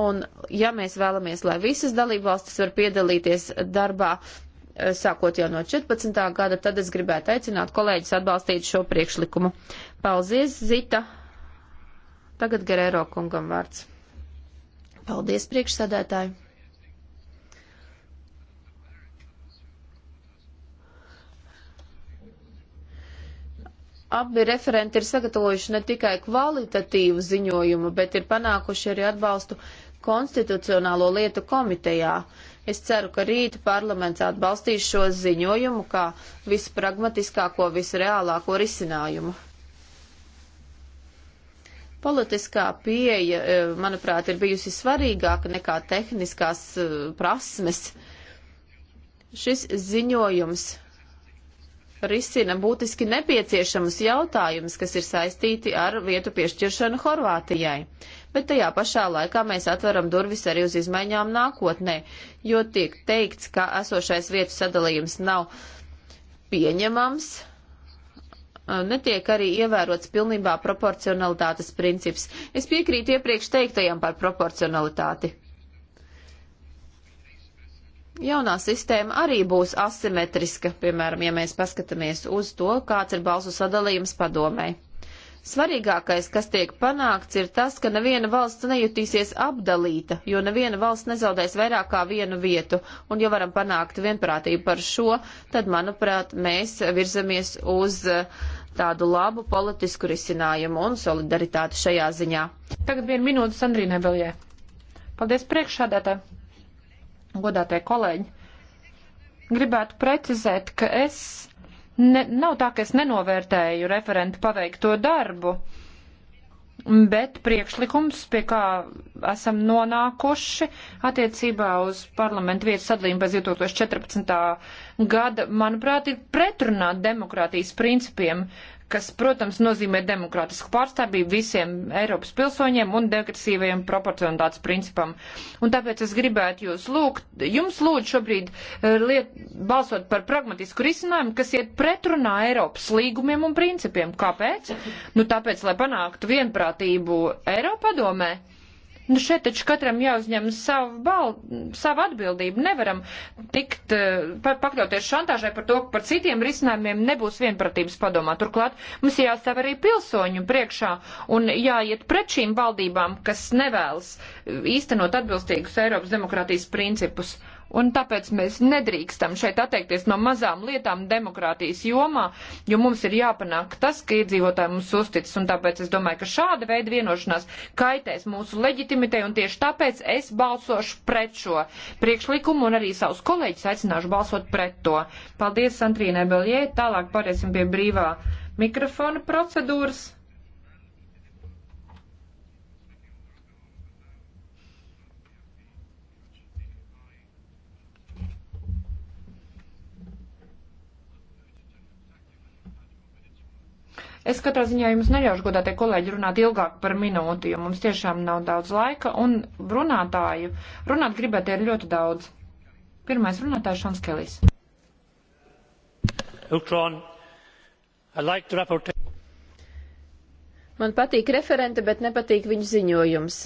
Un ja mēs vēlamies, lai visas dalībvalstis var piedalīties darbā, eh, sākot jau no 14. gada, tad es gribētu aicināt kolēģis atbalstīt šo priekšlikumu. Paldies, Zita! Tagad Gerēro kungam vārds. Paldies, priekšsēdētāji! Abi referenti ir sagatavojuši ne tikai kvalitatīvu ziņojumu, bet ir panākuši arī atbalstu Konstitucionālo lietu komitejā. Es ceru, ka rīt parlaments atbalstīs šo ziņojumu kā vispragmatiskāko, visreālāko risinājumu. Politiskā pieeja, eh, manuprāt, ir bijusi svarīgāka nekā tehniskās eh, prasmes. Šis ziņojums risina būtiski nepieciešamus jautājumus, kas ir saistīti ar vietu piešķiršanu Horvātijai. Bet tajā pašā laikā mēs atveram durvis arī uz izmaiņām nākotnē, jo tiek teikts, ka esošais vietu sadalījums nav pieņemams, netiek arī ievērots pilnībā proporcionalitātes princips. Es piekrītu iepriekš teiktajam par proporcionalitāti jaunā sistēma arī būs asimetriska, piemēram, ja mēs paskatāmies uz to, kāds ir balsu sadalījums padomē. Svarīgākais, kas tiek panākts, ir tas, ka neviena valsts nejutīsies apdalīta, jo neviena valsts nezaudēs vairāk kā vienu vietu, un ja varam panākt vienprātību par šo, tad, manuprāt, mēs virzamies uz uh, tādu labu politisku risinājumu un solidaritāti šajā ziņā. Tagad vienu minūtu Sandrīnai Beljē. Paldies priekšādātājai! godātie kolēģi, gribētu precizēt, ka es ne, nav tā, ka es nenovērtēju referentu paveikto darbu, bet priekšlikums, pie kā esam nonākuši attiecībā uz parlamentu vietas sadalījumu pēc 2014. gada, manuprāt, ir pretrunā demokrātijas principiem kas, protams, nozīmē demokrātisku pārstāvību visiem Eiropas pilsoņiem un degresīvajiem proporcionātāts principam. Un tāpēc es gribētu jūs lūgt, jums lūdzu šobrīd eh, liet, balsot par pragmatisku risinājumu, kas iet pretrunā Eiropas līgumiem un principiem. Kāpēc? Nu, tāpēc, lai panāktu vienprātību Eiropadomē Nu šeit taču katram jāuzņem savu, bal, savu atbildību. Nevaram tikt eh, pa, pakļauties šantāžai par to, ka par citiem risinājumiem nebūs vienpratības padomā. Turklāt mums jāstāv arī pilsoņu priekšā un jāiet pret šīm valdībām, kas nevēlas eh, īstenot atbilstīgus Eiropas demokrātijas principus. Un tāpēc mēs nedrīkstam šeit atteikties no mazām lietām demokrātijas jomā, jo mums ir jāpanāk tas, ka iedzīvotāji mums uzticas. Un tāpēc es domāju, ka šāda veida vienošanās kaitēs mūsu leģitimitei, un tieši tāpēc es balsošu pret šo priekšlikumu un arī savus kolēģus aicināšu balsot pret to. Paldies, Santrīnai Beljē. Tālāk pāriesim pie brīvā mikrofona procedūras. Es katrā ziņā jums neļaušu, godātie kolēģi, runāt ilgāk par minūti, jo mums tiešām nav daudz laika, un runātāju runāt gribēt ir ļoti daudz. Pirmais runātājs Šons Kelijs. Man patīk referente, bet nepatīk viņu ziņojums.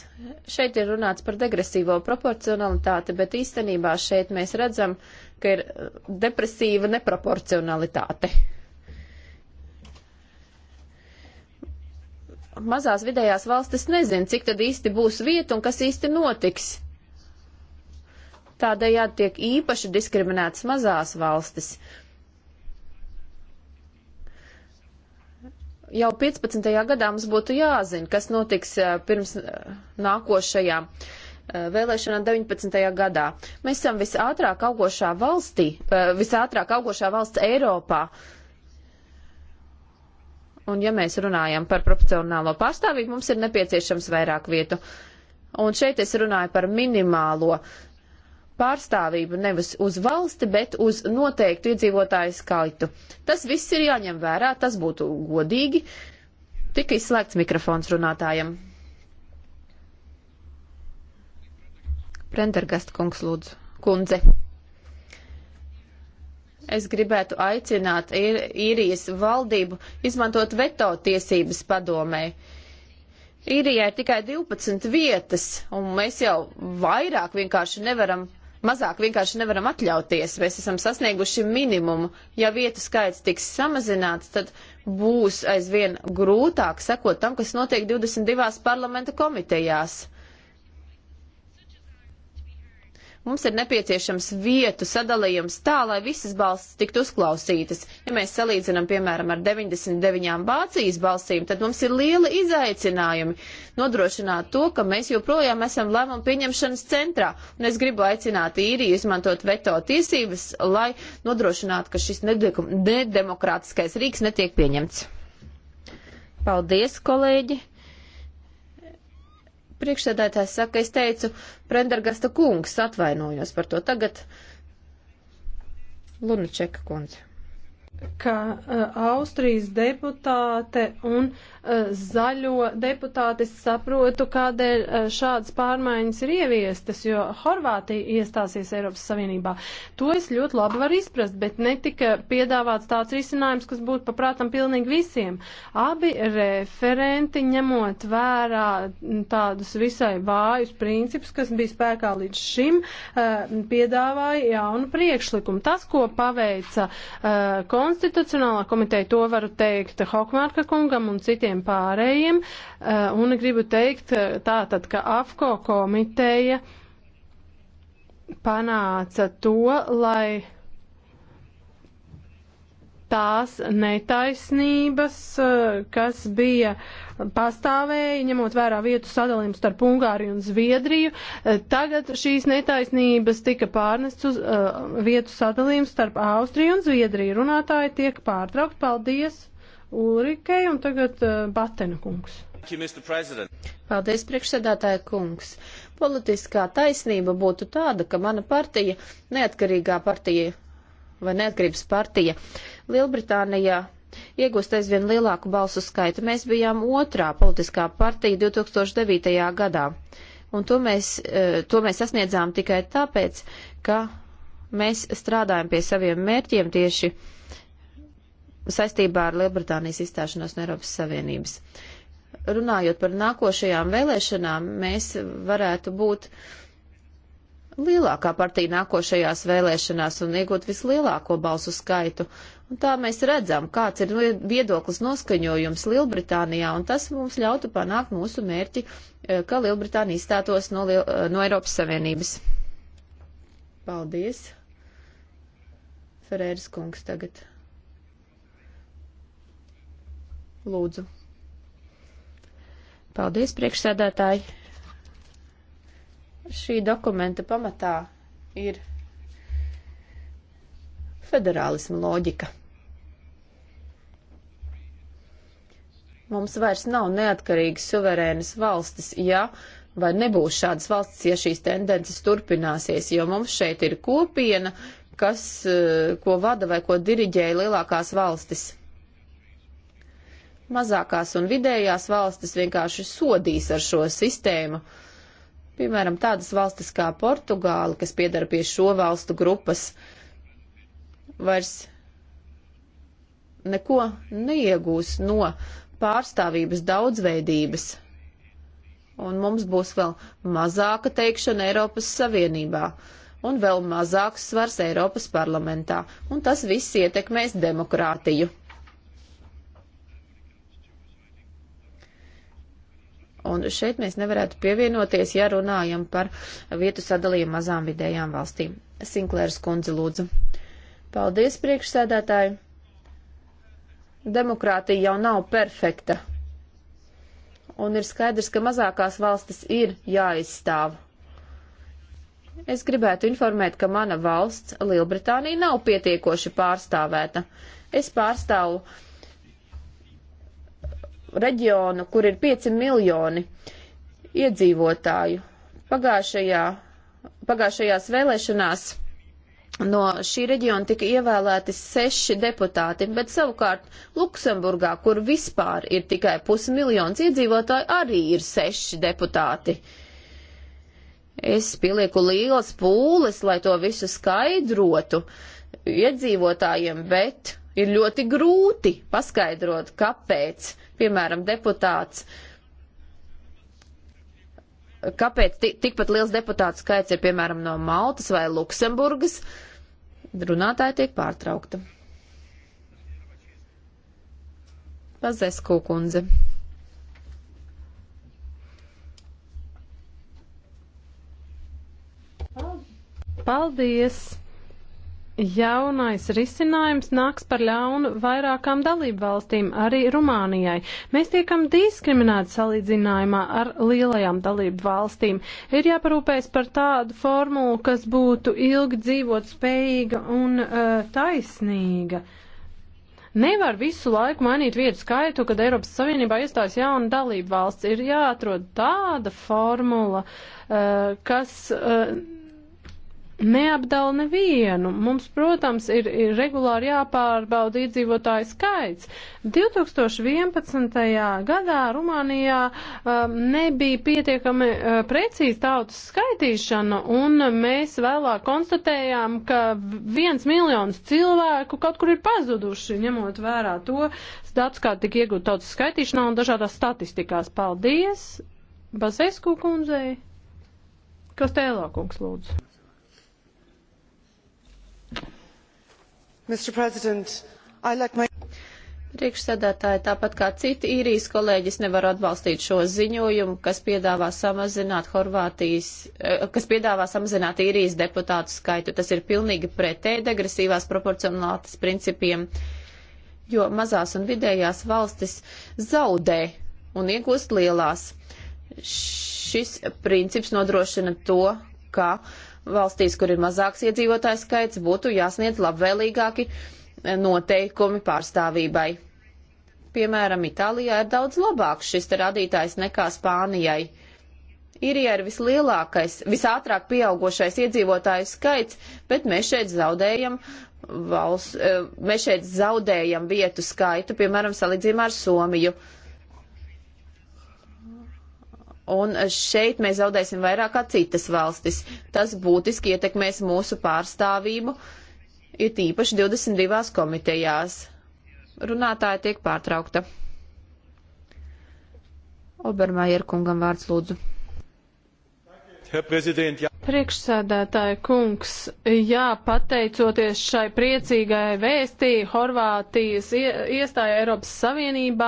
Šeit ir runāts par degresīvo proporcionalitāti, bet īstenībā šeit mēs redzam, ka ir depresīva neproporcionalitāte. mazās vidējās valstis nezin, cik tad īsti būs vieta un kas īsti notiks. Tādējādi tiek īpaši diskriminētas mazās valstis. Jau 15. gadā mums būtu jāzina, kas notiks eh, pirms eh, nākošajā eh, vēlēšanā 19. gadā. Mēs esam visātrāk augošā valstī, visātrāk augošā valsts Eiropā. Uh, Un ja mēs runājam par proporcionālo pastāvību, mums ir nepieciešams vairāk vietu. Un šeit es runāju par minimālo pārstāvību nevis uz valsti, bet uz noteiktu iedzīvotāju skaitu. Tas viss ir jāņem vērā, tas būtu godīgi. Tika izslēgts mikrofons runātājam. Prendergast kungs lūdzu. Kundze. Es gribētu aicināt ir, īrijas valdību izmantot veto tiesības padomē. Īrijā ir tikai 12 vietas, un mēs jau vairāk vienkārši nevaram, mazāk vienkārši nevaram atļauties. Mēs esam sasnieguši minimumu. Ja vietu skaits tiks samazināts, tad būs aizvien grūtāk sekot tam, kas notiek 22 parlamenta komitejās. Uh, Mums ir nepieciešams vietu sadalījums tā, lai visas balsis tiktu uzklausītas. Ja mēs salīdzinām, piemēram, ar 99 Vācijas balsīm, tad mums ir lieli izaicinājumi nodrošināt to, ka mēs joprojām esam lēmumu pieņemšanas centrā. Un es gribu aicināt īriju izmantot veto tiesības, lai nodrošinātu, ka šis nedemokrātiskais rīks netiek pieņemts. Paldies, kolēģi! Priekšsēdētājs saka, es teicu, Prendergasta kungs atvainojos par to. Tagad Lunačeka kundze. Kā uh, eh, Austrijas deputāte un Eh, zaļo deputātis saprotu, kādēļ eh, šādas pārmaiņas ir ieviestas, jo Horvātija iestāsies Eiropas Savienībā. To es ļoti labi varu izprast, bet netika piedāvāts tāds risinājums, kas būtu paprātam pilnīgi visiem. Abi referenti ņemot vērā tādus visai vājus principus, kas bija spēkā līdz šim, eh, piedāvāja jaunu priekšlikumu. Tas, ko paveica Konstitucionālā komiteja, to varu teikt Hokmārka kungam un citiem visiem pārējiem, eh, un gribu teikt eh, tātad, ka AFCO komiteja panāca to, lai tās netaisnības, eh, kas bija pastāvēja, ņemot vērā vietu sadalījumu starp Ungāriju un Zviedriju. Tagad šīs netaisnības tika pārnests uz uh, vietu sadalījumu starp Austriju un Zviedriju. Runātāji tiek pārtraukt. Paldies! Ulrikei un tagad uh, Batena kungs. Paldies, priekšsēdētāja kungs. Politiskā taisnība būtu tāda, ka mana partija, neatkarīgā partija vai neatkarības partija Lielbritānijā iegūst aizvien lielāku balsu skaitu. Mēs bijām otrā politiskā partija 2009. gadā, un to mēs, eh, to mēs sasniedzām tikai tāpēc, ka mēs strādājam pie saviem mērķiem tieši uh, saistībā ar Lielbritānijas izstāšanos no Eiropas Savienības. Runājot par nākošajām vēlēšanām, mēs varētu būt lielākā partija nākošajās vēlēšanās un iegūt vislielāko balsu skaitu. Un tā mēs redzam, kāds ir viedoklis noskaņojums Lielbritānijā, un tas mums ļautu panākt mūsu mērķi, eh, ka Lielbritānija izstātos no, Liel eh, no Eiropas Savienības. Paldies! Ferēras kungs tagad. Lūdzu. Paldies, priekšsēdētāji. Šī dokumenta pamatā ir federālisma loģika. Mums vairs nav neatkarīgas suverēnas valstis, ja vai nebūs šādas valstis, ja šīs tendences turpināsies, jo mums šeit ir kopiena, kas, eh, ko vada vai ko diriģēja lielākās valstis mazākās un vidējās valstis vienkārši sodīs ar šo sistēmu. Piemēram, tādas valstis kā Portugāla, kas piedara pie šo valstu grupas, vairs neko neiegūs no pārstāvības daudzveidības. Un mums būs vēl mazāka teikšana Eiropas Savienībā un vēl mazāks svars Eiropas parlamentā, un tas viss ietekmēs demokrātiju. Un šeit mēs nevarētu pievienoties, ja runājam par vietu sadalījumu mazām vidējām valstīm. Sinklērs kundze lūdzu. Paldies, priekšsēdētāji. Demokrātija jau nav perfekta. Un ir skaidrs, ka mazākās valstis ir jāizstāv. Es gribētu informēt, ka mana valsts, Lielbritānija, nav pietiekoši pārstāvēta. Es pārstāvu uh, reģionu, kur ir 5 miljoni iedzīvotāju. Pagājušajā, pagājušajās vēlēšanās no šī reģiona tika ievēlēti seši deputāti, bet savukārt Luksemburgā, kur vispār ir tikai pusmiljons iedzīvotāju, arī ir seši deputāti. Es pielieku lielas pūles, lai to visu skaidrotu iedzīvotājiem, bet ir ļoti grūti paskaidrot, kāpēc piemēram, deputāts. Kāpēc tikpat liels deputāts skaits ir, piemēram, no Maltas vai Luksemburgas? Runātāji tiek pārtraukta. Pazesku kundze. Paldies! jaunais risinājums nāks par ļaunu vairākām dalību valstīm, arī Rumānijai. Mēs tiekam diskriminēti salīdzinājumā ar lielajām dalību valstīm. Ir jāparūpēs par tādu formulu, kas būtu ilgi dzīvot spējīga un uh, taisnīga. Nevar visu laiku mainīt vietu skaitu, kad Eiropas Savienībā iestājas jauna dalība valsts. Ir jāatrod tāda formula, uh, kas. Uh, neapdala nevienu. Mums, protams, ir, ir regulāri jāpārbauda iedzīvotāju skaits. 2011. gadā Rumānijā um, nebija pietiekami uh, precīzi tautas skaitīšana, un mēs vēlāk konstatējām, ka viens miljons cilvēku kaut kur ir pazuduši, ņemot vērā to datus, kā tika iegūt tautas skaitīšanā un dažādās statistikās. Paldies! Bazesku kundzei! Kas tēlākums lūdzu? Priekšsēdētāji, tāpat kā citi īrijas kolēģis, nevar atbalstīt šo ziņojumu, kas piedāvā samazināt Horvātijas, eh, kas piedāvā samazināt īrijas deputātu skaitu. Tas ir pilnīgi pretēji degresīvās proporcionalitātes principiem, jo mazās un vidējās valstis zaudē un iegūst lielās. Šis princips nodrošina to, ka uh, valstīs, kur ir mazāks iedzīvotājs skaits, būtu jāsniedz labvēlīgāki eh, noteikumi pārstāvībai. Piemēram, Itālijā ir daudz labāks šis rādītājs nekā Spānijai. Irija ir vislielākais, visātrāk pieaugošais iedzīvotāju skaits, bet mēs šeit zaudējam valsts, eh, mēs šeit zaudējam vietu skaitu, piemēram, salīdzinājumā ar Somiju. Uh, Un šeit mēs zaudēsim vairāk kā citas valstis. Tas būtiski ietekmēs mūsu pārstāvību, ir tīpaši 22 komitejās. Runātāja tiek pārtraukta. Obermajer kungam vārds lūdzu. Herr Präsident, ja. Priekšsēdētāja kungs, jā, pateicoties šai priecīgai vēstī, Horvātijas iestāja Eiropas Savienībā,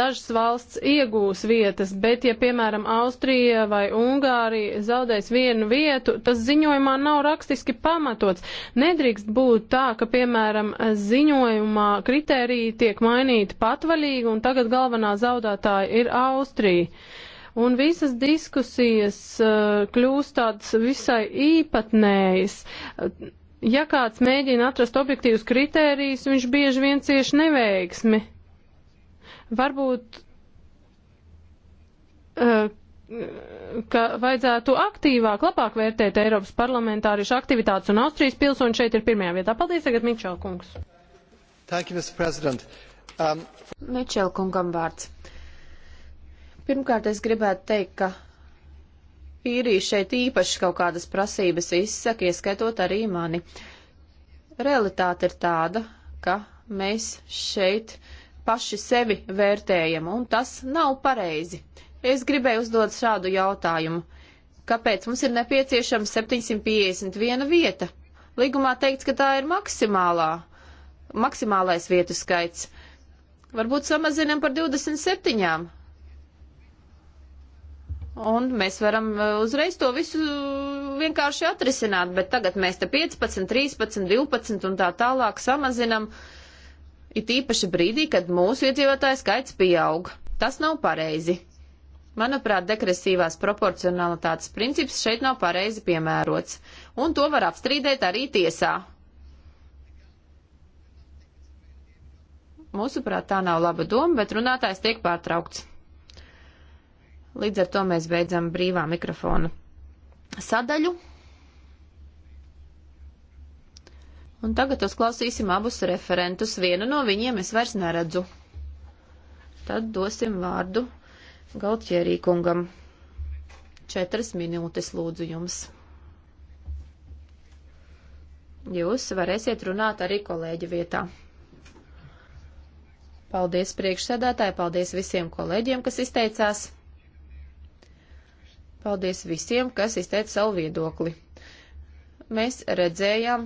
dažas valsts iegūs vietas, bet ja, piemēram, Austrija vai Ungārija zaudēs vienu vietu, tas ziņojumā nav rakstiski pamatots. Nedrīkst būt tā, ka, piemēram, ziņojumā kritēriji tiek mainīti patvaļīgi un tagad galvenā zaudētāja ir Austrija un visas diskusijas eh, kļūst tādas visai īpatnējas. Ja kāds mēģina atrast objektīvus kritērijus, viņš bieži vien cieši neveiksmi. Varbūt, eh, ka vajadzētu aktīvāk, labāk vērtēt Eiropas parlamentāriešu aktivitātes un Austrijas pilsoņu šeit ir pirmajā vietā. Paldies, tagad Mičel kungs. Thank you, Mr. President. Um, Mičel kungam vārds. Uh, Pirmkārt, es gribētu teikt, ka īrija šeit īpaši kaut kādas prasības izsaka, ieskaitot arī mani. Realitāte ir tāda, ka mēs šeit paši sevi vērtējam, un tas nav pareizi. Es gribēju uzdot šādu jautājumu. Kāpēc mums ir nepieciešama 751 vieta? Līgumā teikts, ka tā ir maksimālā, maksimālais vietu skaits. Varbūt samazinam par 27. Un mēs varam e, uzreiz to visu vienkārši atrisināt, bet tagad mēs te 15, 13, 12 un tā tālāk samazinam, it īpaši brīdī, kad mūsu iedzīvotāju skaits pieaug. Tas nav pareizi. Manuprāt, degresīvās proporcionalitātes princips šeit nav pareizi piemērots, un to var apstrīdēt arī tiesā. Mūsuprāt, tā nav laba doma, bet runātājs tiek pārtraukts. Līdz ar to mēs beidzam brīvā mikrofona sadaļu. Un tagad uzklausīsim abus referentus. Vienu no viņiem es vairs neredzu. Tad dosim vārdu Galtjerī kungam. Četras minūtes lūdzu jums. Jūs varēsiet runāt arī kolēģa vietā. Paldies priekšsēdētāji, paldies visiem kolēģiem, kas izteicās. Paldies visiem, kas izteica savu viedokli. Mēs redzējām,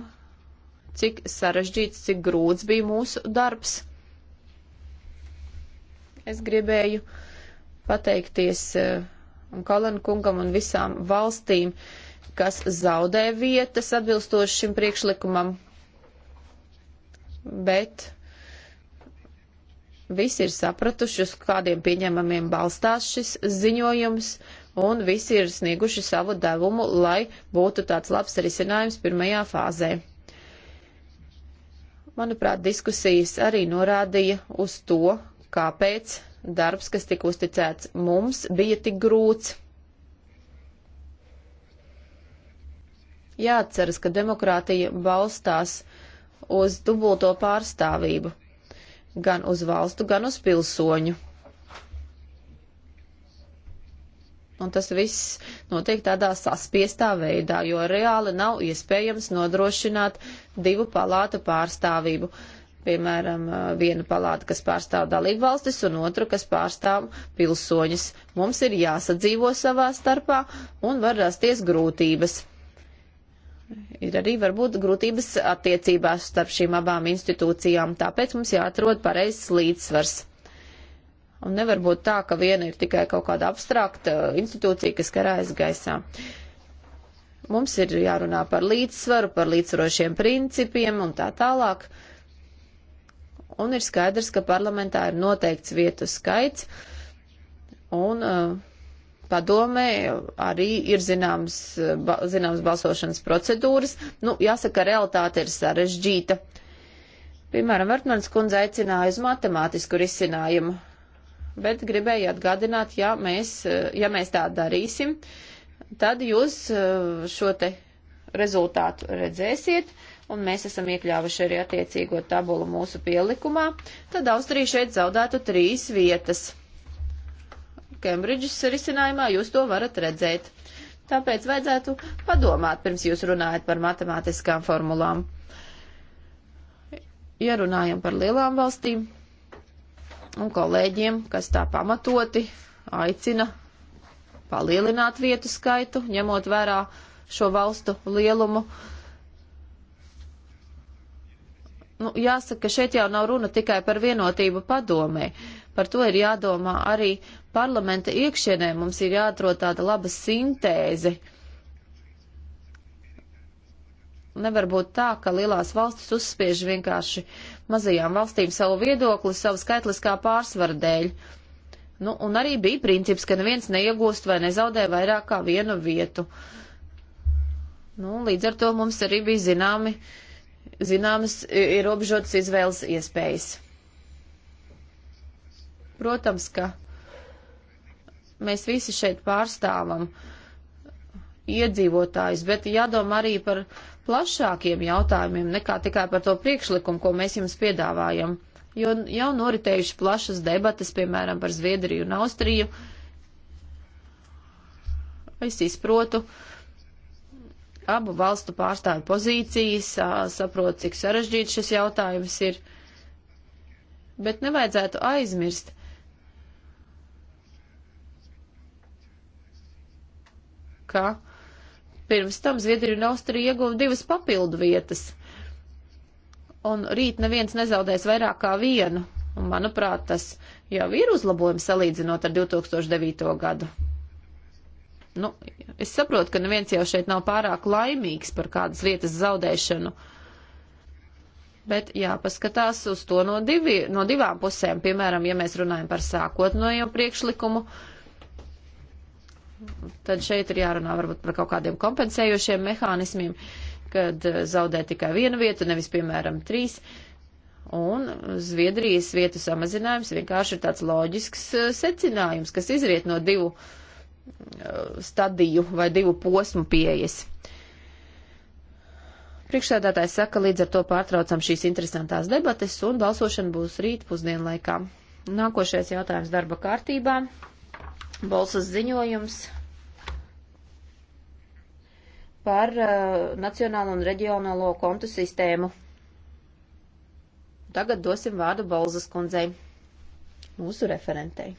cik sarežģīts, cik grūts bija mūsu darbs. Es gribēju pateikties eh, un Kalanu kungam un visām valstīm, kas zaudē vietas atbilstoši šim priekšlikumam. Bet visi ir sapratuši, uz kādiem pieņemamiem balstās šis ziņojums. Uh, un visi ir snieguši savu devumu, lai būtu tāds labs risinājums pirmajā fāzē. Manuprāt, diskusijas arī norādīja uz to, kāpēc darbs, kas tika uzticēts mums, bija tik grūts. Jāatceras, ka demokrātija balstās uz dubulto pārstāvību, gan uz valstu, gan uz pilsoņu. Un tas viss notiek tādā saspiestā veidā, jo reāli nav iespējams nodrošināt divu palātu pārstāvību. Piemēram, viena palāta, kas pārstāv dalību valstis, un otru, kas pārstāv pilsoņus. Mums ir jāsadzīvo savā starpā un var rasties grūtības. Ir arī varbūt grūtības attiecībās starp šīm abām institūcijām, tāpēc mums jāatrod pareizs līdzsvars. Un nevar būt tā, ka viena ir tikai kaut kāda abstrakta institūcija, kas karājas gaisā. Mums ir jārunā par līdzsvaru, par līdzsvarošiem principiem un tā tālāk. Un ir skaidrs, ka parlamentā ir noteikts vietu skaits. Un, uh, padomē arī ir zināms, eh, ba, zināms balsošanas procedūras. Nu, jāsaka, realitāte ir sarežģīta. Piemēram, Vertmans kundze aicināja uz matemātisku risinājumu bet gribēju atgādināt, ja mēs, ja mēs tā darīsim, tad jūs e, šo te rezultātu redzēsiet, un mēs esam iekļāvuši arī attiecīgo tabulu mūsu pielikumā, tad Austrija šeit zaudētu trīs vietas. Kembridžas risinājumā jūs to varat redzēt. Tāpēc vajadzētu padomāt, pirms jūs runājat par matemātiskām formulām. Ja runājam par lielām valstīm, un kolēģiem, kas tā pamatoti aicina palielināt vietu skaitu, ņemot vērā šo valstu lielumu. Nu, jāsaka, šeit jau nav runa tikai par vienotību padomē. Par to ir jādomā arī parlamenta iekšienē. Mums ir jāatrod tāda laba sintēze. Nevar būt tā, ka lielās valstis uzspiež vienkārši uh, mazajām valstīm savu viedokli savu skaitliskā pārsvaru dēļ. Nu, un arī bija princips, ka neviens neiegūst vai nezaudē vairāk kā vienu vietu. Nu, līdz ar to mums arī bija zināmi, zināmas ierobežotas izvēles iespējas. Protams, ka mēs visi šeit pārstāvam iedzīvotājus, bet jādomā arī par plašākiem jautājumiem nekā tikai par to priekšlikumu, ko mēs jums piedāvājam, jo jau noritējuši plašas debatas, piemēram, par Zviedriju un Austriju. Es izprotu abu valstu pārstāvju pozīcijas, saprotu, cik sarežģīts šis jautājums ir, bet nevajadzētu aizmirst, ka Pirms tam Zviedrija un Austrija ieguva divas papildu vietas. Un rīt neviens nezaudēs vairāk kā vienu. Un, manuprāt, tas jau ir uzlabojums salīdzinot ar 2009. gadu. Nu, es saprotu, ka neviens jau šeit nav pārāk laimīgs par kādas vietas zaudēšanu. Bet jāpaskatās uz to no, divi, no divām pusēm. Piemēram, ja mēs runājam par sākotnējo no priekšlikumu, uh, tad šeit ir jārunā varbūt par kaut kādiem kompensējošiem mehānismiem, kad eh, zaudē tikai vienu vietu, nevis, piemēram, trīs. Un Zviedrijas vietu samazinājums vienkārši ir tāds loģisks eh, secinājums, kas izriet no divu eh, stadiju vai divu posmu pieejas. Priekšsēdētājs saka, līdz ar to pārtraucam šīs interesantās debates un balsošana būs rīt pusdienlaikā. Nākošais jautājums darba kārtībā. Bolsas ziņojums par uh, nacionālo un reģionālo kontu sistēmu. Tagad dosim vārdu Bolzas kundzei, mūsu referentei.